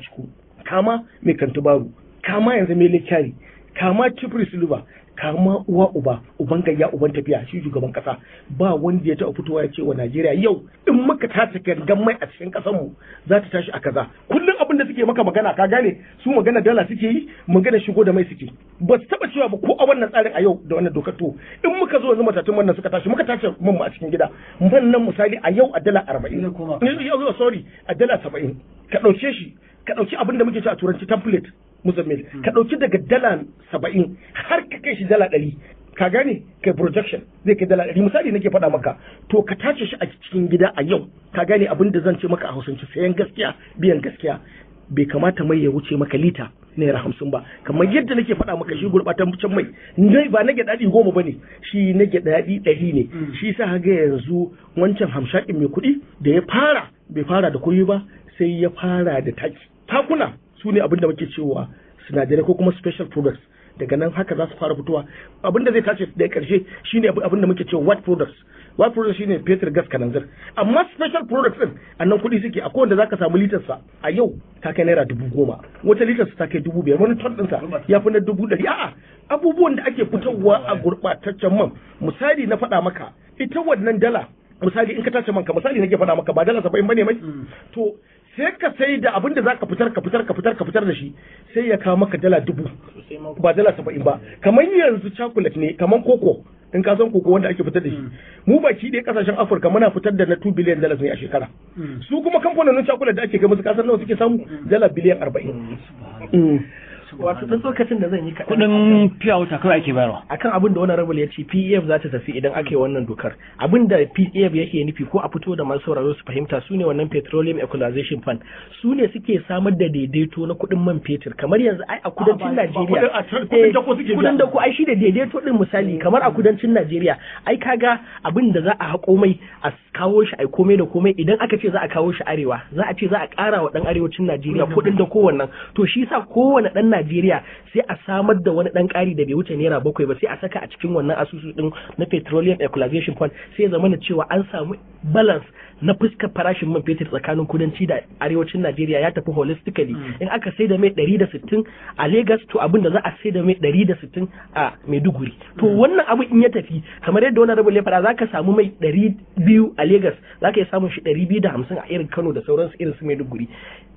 kama mai kantubaru kama yanzu mai lekari kama cipri silva kama uwa uba uban gayya uban tafiya shi shugaban kasa ba wanda ya taɓa fitowa ya ce wa Najeriya yau in muka tace gangan mai a cikin kasar mu za ta tashi a kaza kullum abin da suke maka magana ka gane su magana dala suke yi magana shigo da mai suke ba su taɓa cewa ba ko a wannan tsarin a yau da wannan dokar to in muka zo yanzu matatun wannan suka tashi muka tace man mu a cikin gida man nan misali a yau a dala 40 sorry a dala 70 ka ɗauke shi ka ɗauki abin da muke ci a turanci template muzammil ka ɗauki daga dala saba'in har ka kai shi dala ɗari ka gane kai projection zai kai dala ɗari misali nake faɗa maka to ka tace shi a cikin gida a yau ka gane abin da zan ce maka a hausance sayan gaskiya biyan gaskiya bai kamata mai ya wuce maka lita naira hamsin ba kamar yadda nake faɗa maka shi can mai ne ba na gyaɗaɗi goma ba ne shi na gyaɗaɗi ɗari ne hmm. shi sa ga yanzu wancan hamshakin mai kuɗi da ya fara bai fara da koyi ba sai ya fara da taki takuna su ne da muke cewa sinadarai ko kuma special products daga nan haka za su fara fitowa da zai tace da karshe shine da muke cewa what products what products ne fetur gas kananzir amma special products din a nan kuɗi suke a kowanne zaka samu litar sa a yau ta kai naira dubu goma wata litar ta kai dubu biyar wani ton ɗinsa ya fi na dubu dari a'a abubuwan da ake fitowa a gurɓataccen man misali na faɗa maka ita wannan dala misali in ka tace man ka misali nake faɗa maka ba dala saba'in bane mai mm. to sai ka sai da abin da zaka fitar ka fitar ka fitar ka fitar da shi sai ya kawo maka dala dubu ba dala saba'in ba kamar yanzu cakulet ne kamar koko in ka san koko wanda ake fitar da shi hmm. mu baki dai kasashen afirka muna fitar da na 2 billion dollars ne a shekara hmm. su kuma kamfanonin chocolate da ake kai musu kasar nawa suke samu hmm. dala biliyan 40 wato dan tsokacin da zan yi kaɗan kudin fiyawuta kawai ake bayarwa akan abin da wani rabul ya ce pef za ta tafi idan aka yi wannan dokar abin da pef yake nufi ko a fito da masu sauraro su fahimta su ne wannan petroleum equalization fund su ne suke samar da daidaito na kuɗin man fetur kamar yanzu ai a kudancin najeriya kudin da ko ai shi da daidaito din misali kamar a kudancin najeriya ai kaga abin da za a haƙo mai a kawo shi a komai da komai idan aka ce za a kawo shi arewa za a ce za a ƙara wa ɗan arewacin najeriya kuɗin da kowannan to shi sa kowane ɗan Najeriya sai a samar da wani dan ƙari da bai wuce naira bakwai ba sai a saka a cikin wannan asusu din na petroleum equalization fund sai ya zamana cewa an samu balance na fuskar farashin man fetur tsakanin kudanci da arewacin Najeriya ya tafi holistically hmm. in aka sai da mai 160 a Lagos to abin da za a sai da mai 160 a Maiduguri to hmm. wannan abu in ya tafi kamar yadda wani rabin ya faɗa zaka samu mai 200 a Lagos zaka iya samun shi 250 a irin Kano da sauransu irin su Maiduguri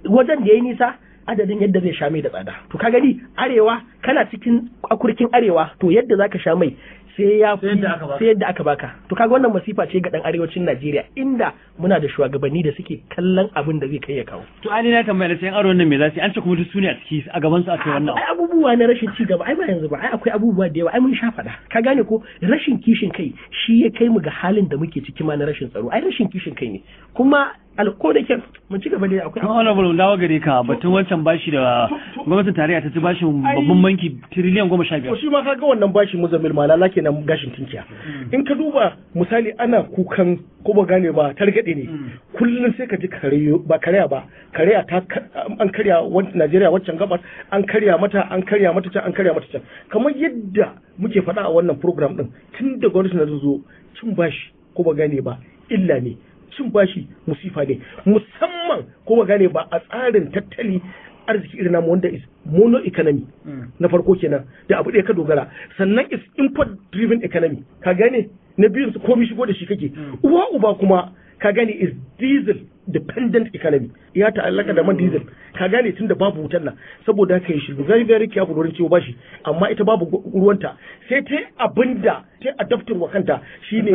wajen da ya yi nisa adadin yadda zai sha mai da tsada to ka gani arewa kana cikin akurkin arewa to yadda zaka sha mai sai ya sai yadda aka baka to kaga wannan masifa ce ga dan arewacin Najeriya inda muna da shugabanni da suke kallon abin da zai kai ya kawo to ani na tambaya da sayan aron nan me za su an ce kuma duk sune a ciki a gaban su a ce wannan ai abubuwa na rashin ci gaba ai ba yanzu ba ai akwai abubuwa da yawa ai mun sha fada ka gane ko rashin kishin kai shi ya kai mu ga halin da muke ciki ma na rashin tsaro ai rashin kishin kai ne kuma alkodakin da ke mu ci gaba da akwai an honorable dawo gare ka batun wancan bashi da gwamnatin tarayya ta ci bashin babban banki tiriliyan goma sha biyar. shi ma ka ga wannan bashi muzammil malala kenan gashin tinkiya hmm. in ka duba misali ana kukan ko ba gane ba targaɗe ne hmm. kullum sai ka ji ba karya ba karya ta an karya Najeriya wancan gabar an karya mata an karya mata can an karya mata can kamar yadda muke faɗa a wannan program din tun da gwamnati na zo cin bashi ko ba gane ba illa ne cin bashi musifa ne musamman kuma gane ba a tsarin tattali arziki irin namu wanda is mono economy mm. na farko kenan da abu ɗaya ka dogara sannan is import driven economy ka gane na biyun komi shigo da shi kake mm. uwa uba kuma ka gani is diesel dependent economy ya ta'allaka da man diesel ka gane tun da babu wutar nan saboda ka yi shi very very careful wurin ciwo bashi amma ita babu ruwanta sai ta abinda ta adaptin wa kanta shine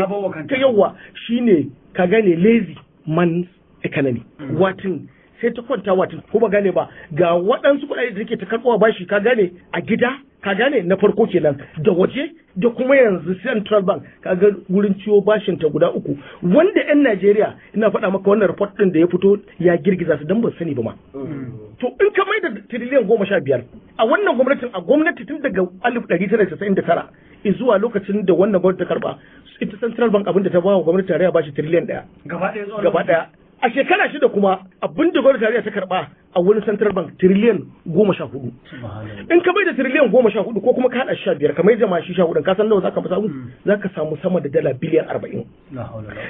ta yawa shine ka gane lazy man economy mm. watin sai ta kwanta wata ko ba gane ba ga waɗansu kuɗaɗe da take ta karɓowa bashi ka gane a gida ka gane na farko kenan da waje da kuma yanzu central bank ka ga wurin ciwo bashin ta guda uku wanda yan najeriya ina faɗa maka wannan report ɗin da ya fito ya girgiza su dan ba sani ba ma mm. to in ka mai da tiriliyan goma sha biyar a wannan gwamnatin a gwamnati tun daga alif ɗari tara casa'in da tara zuwa lokacin da wannan gwamnati ta karɓa ita central bank abin da ta ba wa gwamnati tarayya bashi tiriliyan ɗaya gaba ɗaya a shekara shida kuma abin da gwamnati tarayya ta karba a wani central bank tiriliyan goma sha hudu in ka bai da trillion goma sha hudu ko kuma ka hada sha biyar kamar ma shi sha hudu ka san nawa zaka samu hmm. zaka samu sama da dala biliyan arba'in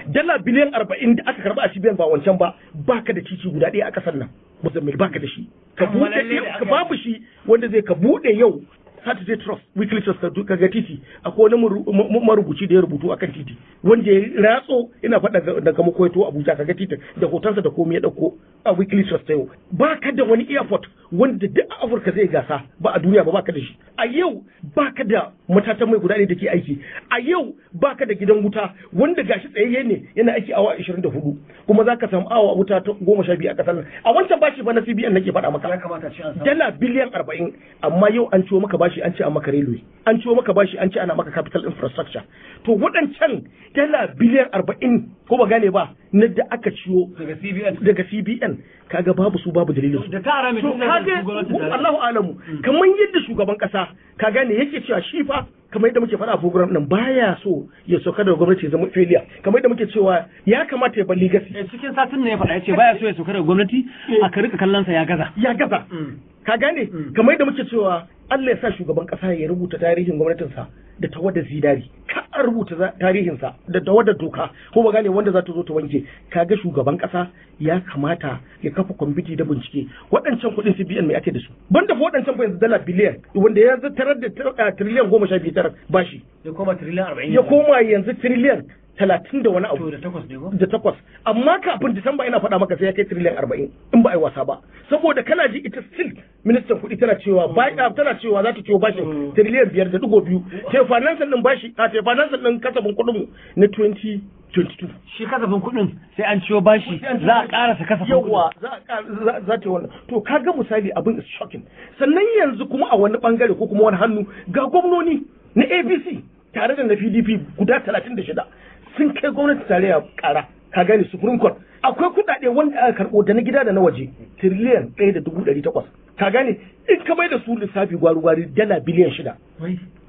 dala biliyan arba'in da aka karba a cibiyar ba wancan ba baka da cici guda ɗaya a kasar nan musamman baka da shi ka buɗe babu shi wanda zai ka buɗe yau Saturday Trust weekly trust ka ga titi akwai wani marubuci da ya rubutu akan titi wanda ya ratso ina faɗa daga makoito Abuja ka ga titi da hotonsa da komai ya dauko a weekly trust yau ba ka da wani airport wanda duk a Afirka zai gasa ba a duniya ba ba ka da shi a yau ba ka da matatan mai guda ne da ke aiki a yau ba ka da gidan wuta wanda gashi tsayayye ne yana aiki awa 24 kuma za ka samu awa wuta goma sha biyu a ƙasar a wancan bashi ba na CBN nake faɗa maka dala biliyan 40 amma yau an ciwo maka bashi bashi an ce an maka railway an ciwo maka bashi an ce ana maka capital infrastructure to waɗancan dala biliyan arba'in ko ba gane ba na da aka ciwo daga CBN kaga babu su babu dalilin su da kara Allahu alamu mm. kaman yadda shugaban kasa ka gane yake cewa shi fa kamar yadda muke faɗa a program nan baya so ya sauka daga gwamnati ya zama failure kamar yadda muke cewa ya kamata ya bar legacy eh, cikin satin ne ya faɗa ya ce baya so ya sauka daga gwamnati eh. a ka rika kallon sa ya gaza ya gaza mm. ka gane mm. kamar yadda muke cewa Allah ya sa shugaban kasa ya rubuta tarihin gwamnatinsa da tawadar zinari ka rubuta tarihinsa da tawadar doka ko ba gane wanda za ta zo ta wanke kaga shugaban kasa ya kamata ya kafa kwamiti da bincike waɗancan kuɗin CBN mai ake da su Ban da waɗancan fa yanzu dala biliyan wanda ya tarar da triliyan goma sha biyu tarar shi. ya koma triliyan arba'in ya koma yanzu triliyan talatin da wani abu da takwas amma kafin disamba ina faɗa maka sai ya kai tiriliyan arba'in in ba a yi wasa ba saboda kana ji ita still ministan kuɗi tana cewa mm. ah, tana cewa za ta ciwo bashi mm. tiriliyan biyar da digo biyu sai finansan ɗin bashi a ah, sai finansan ɗin kasafin kuɗinmu na 2022 shi kasafin kuɗin sai an ciwo bashi za a ƙarasa kasafin kuɗin yawa za ta yi wannan to ka ga misali abin is shocking sannan yanzu kuma a wani bangare ko kuma wani hannu ga gwamnoni na abc tare da na pdp guda 36 sun kai gwamnati tare a kara ka gani supreme court akwai kudade wanda aka karbo da na gida da na waje tiriliyan ɗaya da dubu ɗari takwas ka gani in ka bai da su lissafi gwari-gwari dala biliyan shida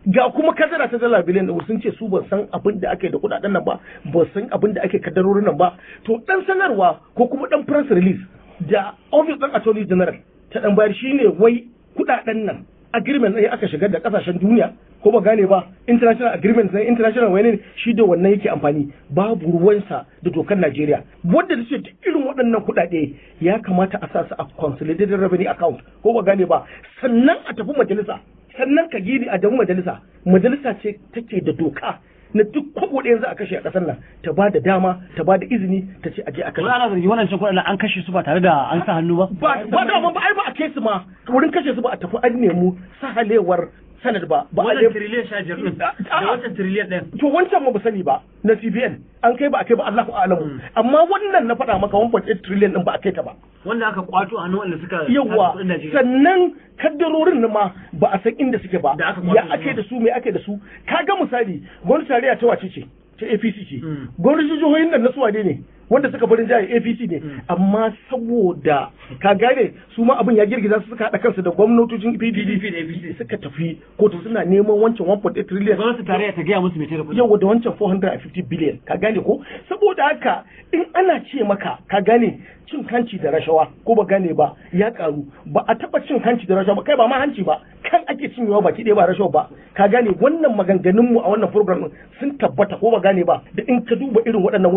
ga kuma kadara ta dala biliyan da sun ce su ba san abin da ake da kudaden nan ba ba san abin da ake kadarorin nan ba to dan sanarwa ko kuma dan press release da office dan attorney general ta dan bayar shine wai kudaden nan agreement ne aka shigar da kasashen duniya ko ba gane ba international agreement ne international wani shi da wannan yake amfani babu ruwansa da dokar Najeriya wanda ta ce irin waɗannan kuɗaɗe ya kamata a sa su a consolidated revenue account ko ba gane ba sannan a tafi majalisa sannan ka gini a tafi majalisa majalisa ce take da doka na duk kobo da yanzu a kashe a kasar nan ta ba da dama ta ba da izini ta ce a a kashe. Ana zargi wannan cin kuɗin an kashe su ba tare da an sa hannu ba. Ba ba da ba ai ba a kai su ma wurin kashe su ba a tafi an nemi sahalewar senate ba ba a trillion sha biyar din ah, ah, da wancan trillion din to wancan ma ba sani ba na CBN an kai ba a kai ba Allahu a'lamu hmm. amma wannan na faɗa maka 1.8 trillion din ba a kai ta ba wanda aka kwato a nan wanda suka yawa sannan kaddarorin nan ma ba a san inda suke ba ya ake da su me ake da su kaga misali gwamnati tarayya ta wace ce ta APC ce hmm. gwamnati jihohin nan na suwane ne wanda suka barin jihar APC ne hmm. amma saboda ka gane su ma abin ya girgiza su suka haɗa kansu da gwamnatocin PDP da APC suka tafi kotu suna neman wancan 1.8 trillion tare tarayya ta gaya musu mai tare yawa da wancan 450 billion ka gane ko saboda haka in ana ce maka ka gane cin hanci da rashawa ko ba gane ba ya karu ba a taba cin hanci da rashawa ba kai ba ma hanci ba kan ake cinyewa baki ɗaya ba rashawa ba ka gane wannan maganganun mu a wannan program sun tabbata ko ba gane ba da in ka duba irin waɗannan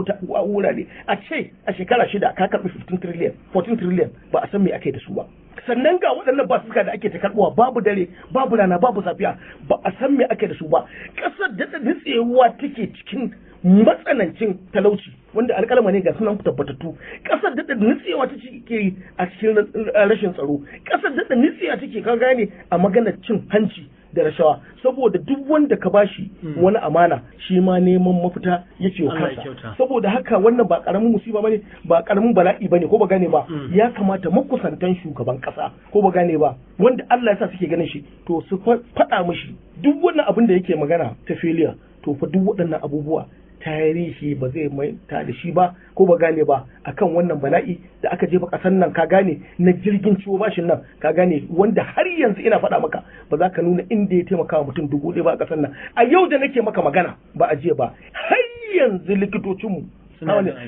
wurare a ce a shekara shida ka karɓi 15 trillion 14 trillion ba a san me ake da su ba sannan ga waɗannan basuka da ake ta karɓuwa babu dare babu rana babu safiya ba a san me ake da su ba ƙasar da ta nitsewa take cikin matsanancin talauci wanda alƙalama ne ga sunan tabbatattu ƙasar da nutsewa ta ke a cikin rashin tsaro ƙasar da ta ke ka gane a maganar cin hanci da rashawa saboda duk wanda ka bashi hmm. wani amana shi ma neman mafita yake kansa saboda haka wannan ba karamin musiba bane ba karamin bala'i bane ko ba gane ba hmm. ya kamata makusantan shugaban kasa ko ba gane ba wanda Allah ya sa suke ganin shi to su faɗa mishi duk wannan abin da yake magana ta failure to fa duk waɗannan abubuwa tarihi ba zai manta da shi ba ko ba gane ba akan wannan bala'i da aka jefa kasan nan ka gane na jirgin ciwo bashin nan ka gane wanda har yanzu ina faɗa maka ba za ka nuna inda ya taimaka wa mutum dubu ɗaya ba a kasan nan a yau da nake maka magana ba a jiya ba har yanzu likitocinmu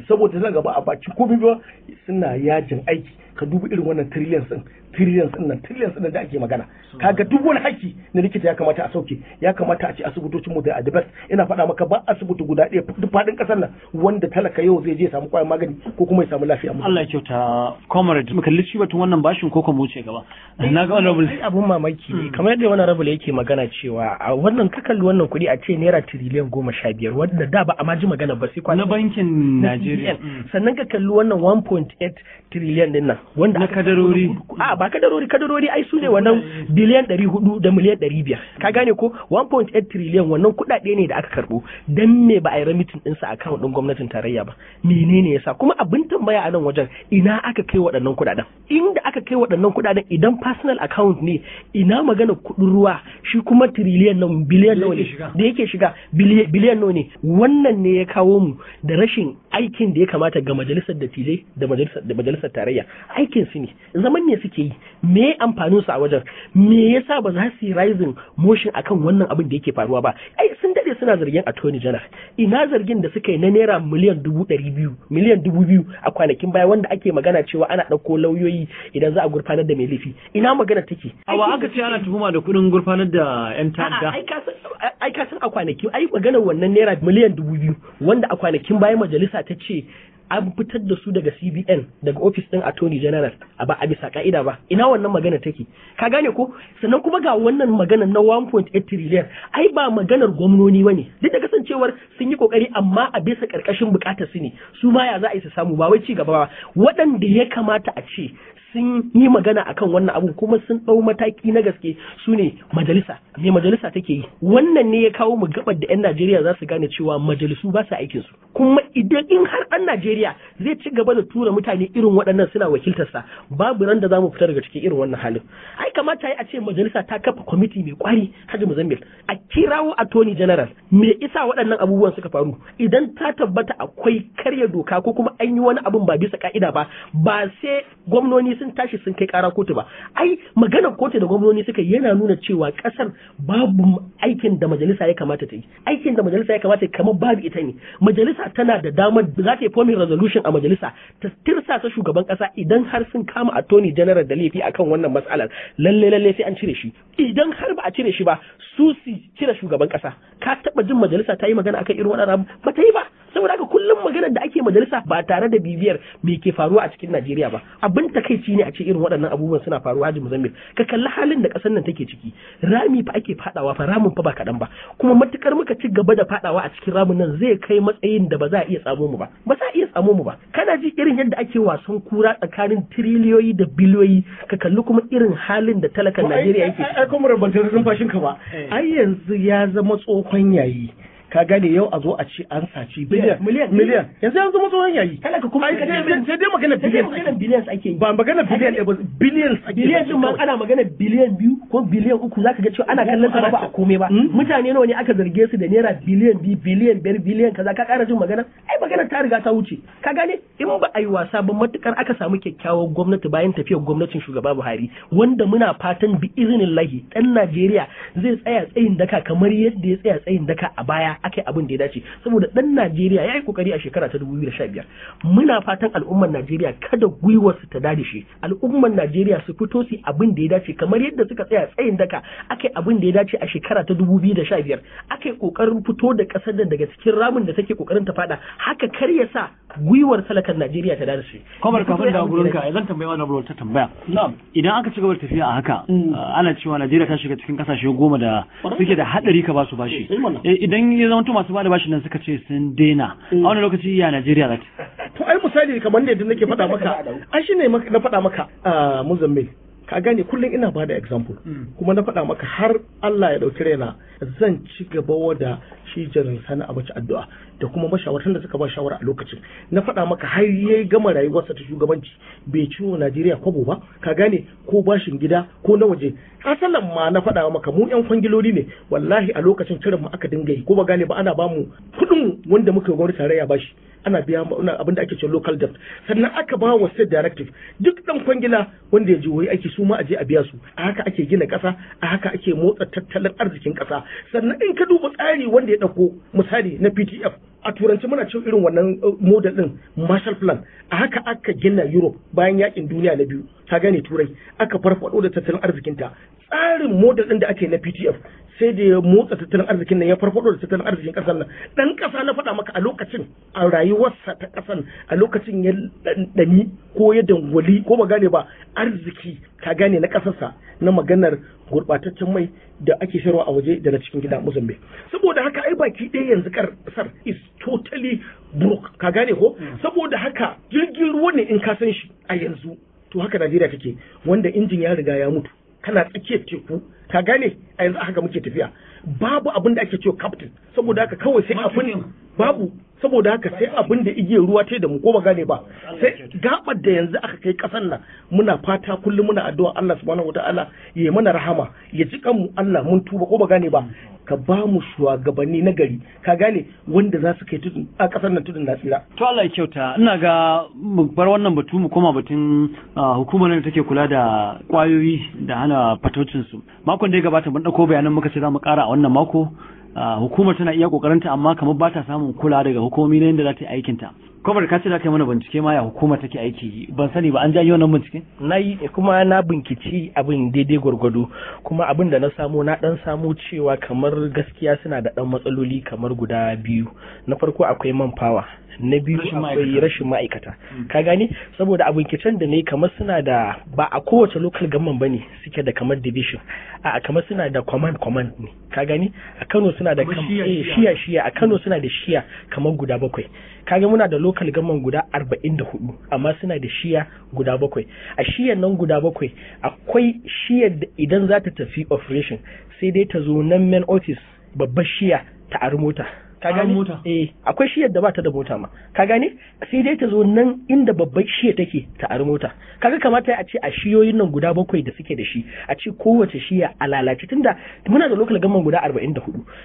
saboda zan gaba a baci komai ba suna yajin aiki ka dubi irin wannan trillions din trillions din nan trillions din da ake magana kaga duk wani haƙƙi na likita ya kamata a sauke ya kamata a ce asibitocin mu da adibas ina faɗa maka ba asibiti guda ɗaya duk faɗin ƙasar nan wanda talaka yau zai je samu ƙwayar magani ko kuma ya samu lafiya mu Allah ya kyauta comrade muka lissi batun wannan bashin ko kuma wuce gaba na ga honorable abun mamaki ne hmm. kamar yadda wannan honorable yake magana cewa a wannan ka kalli wannan kuɗi a ce naira trillion goma sha biyar wanda da ba a ma ji magana ba sai kwana na bankin Najeriya hmm. sannan ka kalli wannan 1.8 trillion din nan wanda aka kadarori a ba kadarori kadarori ai su ne wannan biliyan 400 da miliyan 500 ka gane ko 1.8 trillion wannan kuɗaɗe ne da aka karbo dan me ba a yi remitin din sa account din gwamnatin tarayya ba menene yasa kuma abin tambaya a nan wajen ina aka kai waɗannan kuɗaɗen inda aka kai waɗannan kuɗaɗen idan personal account ne ina magana kuɗin ruwa shi kuma trillion nan biliyan nawa ne da yake shiga biliyan nawa ne wannan ne ya kawo mu da rashin aikin da ya kamata ga majalisar dattijai da majalisar tarayya aikin su ne zaman ne suke yi me amfanin su a wajen me yasa ba za su yi rising motion akan wannan abin da yake faruwa ba ai sun dade suna zargin attorney general ina zargin da suka yi na naira miliyan dubu ɗari biyu miliyan dubu biyu a kwanakin baya wanda ake magana cewa ana ɗauko lauyoyi idan za a gurfanar da mai laifi ina magana take awa aka ce ana tuhuma da kuɗin gurfanar da yan ta'adda ai ka san a kwanakin ai magana wannan naira miliyan dubu biyu wanda a kwanakin baya majalisa ta ce an fitar da su daga CBN daga office din Attorney General a ba a bisa ka'ida ba ina wannan magana take ka gane ko sannan kuma ga wannan magana na 1.8 trillion ai ba maganar gwamnoni bane duk da kasancewar sun yi kokari amma a bisa karkashin bukatar su ne su ma ya za a yi su samu ba wai ci gaba ba waɗanda ya kamata a ce sun yi magana akan wannan abu kuma sun ɗau mataki na gaske su ne majalisa me majalisa take yi wannan ne ya kawo mu gabar da 'yan Najeriya za su gane cewa majalisu ba su aikin su kuma idan in har ɗan Najeriya zai ci gaba da tura mutane irin waɗannan suna wakiltarsa babu ran da za mu fita daga cikin irin wannan halin ai kamata a ce majalisa ta kafa kwamiti mai kwari Hajji Muzammil a kirawo attorney general me isa waɗannan abubuwan suka faru idan ta tabbata akwai karya doka ko kuma an yi wani abu ba bisa ka'ida ba ba sai gwamnoni sun tashi sun kai kara kotu ba ai magana kotu da gwamnoni suka yana nuna cewa kasar babu aikin da majalisa ya kamata ta yi aikin da majalisa ya kamata kamar babu ita ne majalisa tana da damar za ta yi fomin resolution a majalisa ta tirsa ta shugaban kasa idan har sun kama attorney general da laifi akan wannan matsalar lalle lalle sai an cire shi idan har ba a cire shi ba su su cire shugaban kasa ka taba jin majalisa ta yi magana akan irin waɗannan ba ta yi ba saboda haka kullum magana da ake majalisa ba tare da bibiyar me ke faruwa a cikin Najeriya ba abin takaici ne a ce irin waɗannan abubuwan suna faruwa a Mozambique ka kalli halin da ƙasar nan take ciki rami fa ake fadawa fa ramin fa ba kaɗan ba kuma matukar muka ci gaba da fadawa a cikin ramin nan zai kai matsayin da ba za a iya tsamo mu ba ba za a iya tsamo mu ba kana ji irin yadda ake wasan kura tsakanin tiriliyoyi da biliyoyi ka kalli kuma irin halin da talakan Najeriya yake ai kuma rabanta fashin ka ba ai yanzu ya zama tsohon yayi ka gane yau a zo a ce an saci biliyan miliyan yanzu yanzu matsoron yayi talaka kuma ai sai dai magana biliyan magana biliyan ake yi ba magana biliyan ba biliyan ake biliyan din ma ana magana biliyan biyu ko biliyan uku zaka ga cewa ana kallon sa ba a komai ba hmm? mutane nawa ne aka zarge su da naira biliyan biyu biliyan biyar biliyan kaza ka kara jin magana ai magana ta riga ta wuce ka gane in ba a yi wasa ba matukar aka samu kyakkyawar gwamnati bayan tafiyar gwamnatin shugaba Buhari wanda muna fatan bi izinin lahi dan Najeriya zai tsaya tsayin daka kamar yadda ya tsaya tsayin daka a baya aka yi abin da ya dace saboda dan Najeriya ya yi kokari a shekara ta 2015 muna fatan al'ummar Najeriya kada gwiwar su ta dade shi al'ummar Najeriya su fito su abin da ya dace kamar yadda suka tsaya tsayin daka aka yi abin da ya dace a shekara ta 2015 aka yi kokarin fito da kasar da daga cikin ramin da take kokarin ta fada haka kar ya sa gwiwar salakar Najeriya ta darsu. Kwamar kafin da ka eh, zan tambaya wani abu ta tambaya. Idan aka ci gaba da tafiya a haka mm. eh, ana cewa Najeriya ta shiga cikin kasashe goma da suke da hadari ka basu bashi. Eh, idan ya zama masu da bashi nan suka ce sun daina a mm. wani lokaci ya Najeriya za ta. To ai misali kamar da nake faɗa maka [LAUGHS] ai shine na faɗa maka Muzammil. ka gane kullum ina ba da example mm. kuma na faɗa maka har Allah ya ɗauki raina zan ci gaba da shi janar sana'a abaci addu'a da kuma mashawartan da suka ba shawara a lokacin na faɗa maka har ya gama rayuwarsa ta shugabanci bai ciwo Najeriya kwabo ba ka gane ko bashin gida ko na waje asalan ma na faɗa maka mu yan kwangiloli ne wallahi a lokacin kiran mu aka dinga yi ko ba gane ba ana ba mu kuɗin wanda muka gwamnati tarayya bashi ana biya abin da ake cewa local debt sannan aka ba wa state directive duk dan kwangila wanda ya ji wai aiki su ma a je a biya su a haka ake gina kasa a haka ake motsa tattalin arzikin kasa sannan in ka duba tsari wanda ya dauko misali na PTF a turanci muna cewa irin wannan uh, model din Marshall Plan a haka aka gina Europe bayan yakin duniya na biyu ka gane turai aka farfado da tattalin arzikin ta tsarin model din da ake na PTF sai da ya motsa tattalin arzikin nan ya farfado da tattalin arzikin kasar nan dan kasa na faɗa maka a lokacin a rayuwarsa ta kasan a lokacin ya ɗanɗani ko ya dangwali ko ba gane ba arziki ka gane na kasarsa na maganar gurbataccen mai da ake shirwa a waje da na cikin gida Mozambique saboda haka ai baki ɗaya yanzu kasar is totally broke ka gane ko hmm. saboda haka jirgin ruwa ne in ka san shi a yanzu to haka Najeriya take wanda injin ya riga ya mutu kana tsakiyar teku ka gane a yanzu haka muke tafiya babu abin da ake cewa captain saboda haka kawai sai abin babu saboda haka sai abin da igiyar ruwa ta da mu ko ba gane ba sai gabar da yanzu aka kai kasan nan muna fata kullum muna addu'a Allah subhanahu wataala ya mana rahama ya ji kanmu Allah mun tuba ko ba gane ba ka ba mu shugabanni na gari ka gane wanda za su kai tudun a kasar nan tudun na tsira to Allah ya kyauta ina ga mu bar wannan batu mu koma batun hukumar da take kula da kwayoyi da hana fatocin su makon da ya gabata mun dauko bayanan muka ce za mu kara a wannan mako Ah, hukumar tana iya kokarinta amma kamar ba ta samun kula daga hukumomi na yadda za ta yi aikinta kwamar ka ce za ka yi mana bincike ma ya hukuma take aiki ban sani ba an ji wannan bincike na yi eh, kuma na binkici abin daidai gwargwado kuma abin da na samu na dan samu cewa kamar gaskiya suna da dan matsaloli kamar guda biyu na farko akwai man fawa na biyu akwai rashin ma'aikata mm. ka gani saboda abinkicen da ne kamar suna da ba a kowace local ba ne. suke da kamar division a kamar suna da command command ne ka gani a Kano suna da shiya eh, shiya a Kano suna da shiya kamar guda bakwai kaga muna da local government guda arba'in da hudu amma suna da shiya guda bakwai a shiyan nan guda bakwai akwai shiyar da idan za ta tafi operation sai dai ta zo nan main office babbar shiya ta armota ka gane eh akwai shiyar da bata da mota ma ka gane sai dai ta zo nan inda babban shiya take ta ar mota kaga kamata a ce a shiyoyin nan guda bakwai da suke da shi a ce kowace shiya a lalace tunda muna da local gamman guda 44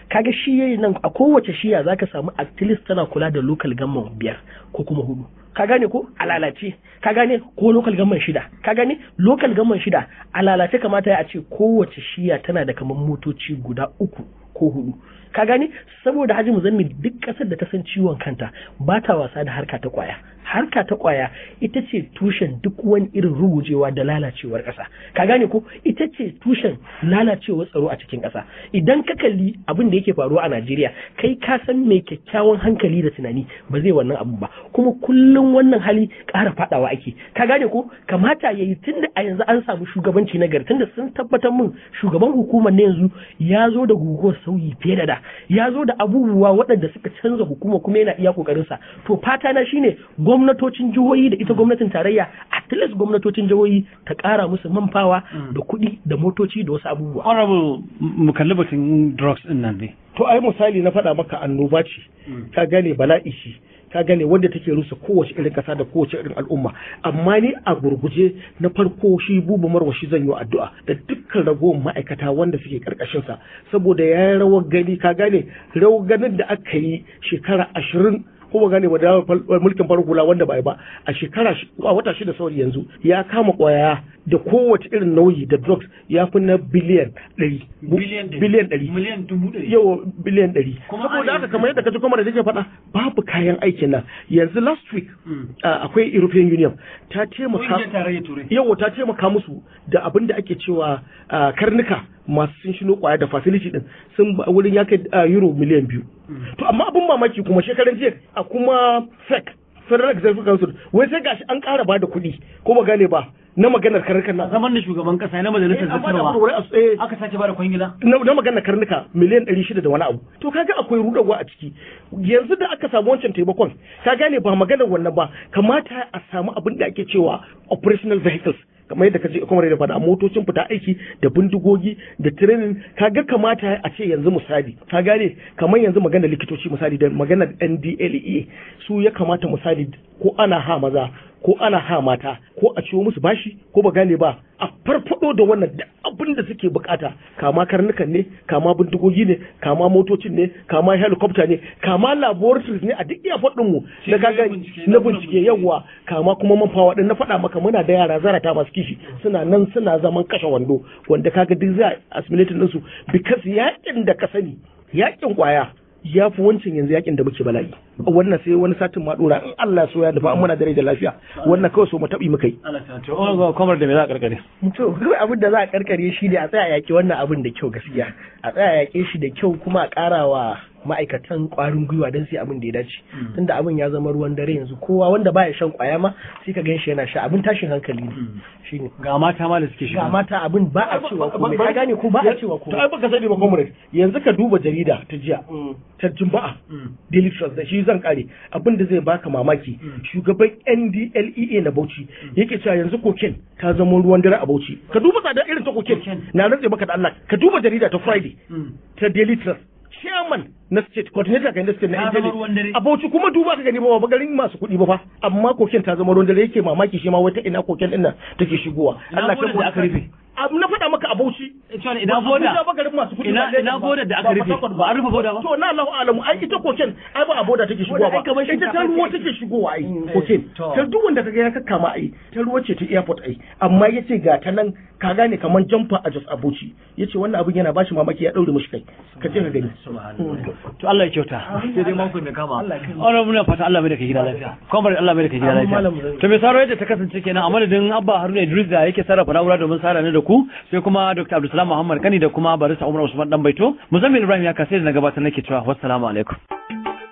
kaga shiyoyin nan a kowace shiya zaka samu least tana kula da local gamman biyar ko kuma hudu ka gane ko a lalace ka gane ko lokal gaman shida ka gane lokal gaman shida a lalace kamata a ce kowace shiya tana da kamar motoci guda uku ko hudu ka gani saboda haji muzammil duk ƙasar da ta san ciwon kanta ba ta wasa da harka ta kwaya harka ta kwaya ita ce tushen duk wani irin rugujewa da lalacewar ƙasa ka gane ko ita ce tushen lalacewar tsaro a cikin ƙasa idan ka kalli abin da yake faruwa a Najeriya kai ka san mai kyakkyawan hankali da tunani ba zai wannan abu ba kuma kullum wannan hali ƙara faɗawa ake ka gane ko kamata yayi tunda a yanzu an samu shugabanci na gari tunda sun tabbatar min shugaban hukumar na yanzu ya zo da guguwar sauyi fiye da da ya zo da abubuwa waɗanda suka canza hukumar kuma yana iya ƙoƙarinsa to fata na shine gwamnati gwamnatocin jihohi da ita gwamnatin tarayya at least gwamnatocin jihohi ta kara musu manfawa mm. da kuɗi da motoci da wasu abubuwa. Honorable mu kalli batun drugs din nan dai. To ai misali na faɗa maka annoba ce mm. ka gane bala'i shi ka gane wanda take rusa kowace irin kasa da kowace irin al'umma amma ni a gurguje na farko shi buba marwa shi zan yi addu'a da dukkan ragowar ma'aikata wanda suke karkashin sa saboda ya rawar gani ka gane rawar ganin da aka yi shekara ashirin ko ba gane da mulkin farar hula wanda bai ba a shekara a wata shida sauri yanzu ya kama kwaya da kowace irin nauyi da drugs ya fi na biliyan ɗari biliyan ɗari yawa biliyan ɗari saboda haka kamar yadda kaji kuma da take faɗa babu kayan aikin nan yanzu last week hmm. akwai european union ta taimaka Yawo ta taimaka musu da abin da ake cewa karnuka masu sun shilo kwaya da facility din sun wurin ya kai ah, euro miliyan biyu to amma abin mamaki kuma shekaran jiya a kuma FEC. federal executive council wai sai gashi an kara ba da kuɗi ko ba gane ba na maganar karnuka na zaman da shugaban kasa na majalisar eh, zartarwa eh. aka sake bada kwangila na maganar karnuka miliyan 600 da wani abu to kaga akwai rudarwa a ciki yanzu da aka samu wancan taimakon ka gane ba maganar wannan ba kamata a samu abin da ake cewa operational vehicles kamar yadda ka je kuma da faɗa motocin fita aiki da bindigogi da training kaga kamata a ce yanzu misali ka gane kamar yanzu magana likitoci misali da magana NDLEA su ya kamata misali ko ana ha maza ko ana ha mata ko a ciwo musu bashi ko ba gane ba a farfado da wannan da abin da suke bukata kama karnukan ne kama bindigogi ne kama motocin ne kama helicopter ne kama laboratories ne a duk iya faɗin mu na gaga na bincike yawa kama kuma man fawa din na faɗa maka muna da yara zarata masu kishi suna nan suna zaman kashe wando wanda kaga duk za assimilate din su because yakin da ka sani yakin kwaya ya fi wancan yanzu yakin da muke bala'i wannan sai wani satin ma dora in Allah so ya dafa muna da rai da lafiya wannan kawai so mu tabi muka yi to kamar da me za a karkare to kawai abin da za a karkare shi ne a tsaya yaki wannan abin da kyau gaskiya a tsaya yake shi da kyau kuma a karawa ma'aikatan kwarin gwiwa don sai abin da ya dace hmm. tunda abin ya zama ruwan dare yanzu kowa wanda baya shan kwaya ma sai ka ganshi yana sha abin tashin hankali ne hmm. shine ga mata ma da suke shiga ga mata abin ba a cewa komai ka gane ko ba a cewa komai to ai baka sani ba comrade yanzu ka duba jarida ta jiya hmm. ta jumba'a daily trust da shi zan kare abin da zai baka mamaki mm. shugaban NDLEA na Bauchi mm. yake cewa yanzu koken ta zama ruwan dare a Bauchi ka duba tsadar irin ta koken na rantse maka da Allah ka duba jarida ta Friday mm. ta Daily Trust chairman na state coordinator ga state na Italy e a Bauchi kuma duba ka gani ba ba garin masu kuɗi ba fa amma koken ta zama ruwan dare yake mamaki shi ma wata ina koken din nan take shigowa Allah ka ko aka rufe na faɗa maka a Bauchi ina boda masu boda da aka rufe ba a rufe boda ba to na Allahu alamu ai ita koken ai ba a boda take shigowa ba ita ta ruwa take shigowa ai koken eh, ta duk wanda kaga ya kama ai ta ruwa ce ta airport ai amma yace ga ta nan ka gane kaman jamfa a Jos Abuchi yace wannan abin yana bashi mamaki ya daure mishi kai ka ce ka gani to Allah ya kyauta sai dai manku kama Allah muna fata Allah bai da gida lafiya kuma Allah bai da gida a madadin Abba Haruna Idris da ku sai kuma Dr. Abdulsalam Muhammad Kani da kuma Barisa Umar Usman baito Muzammil Ibrahim ya kasance da gabatar nake cewa wassalamu alaikum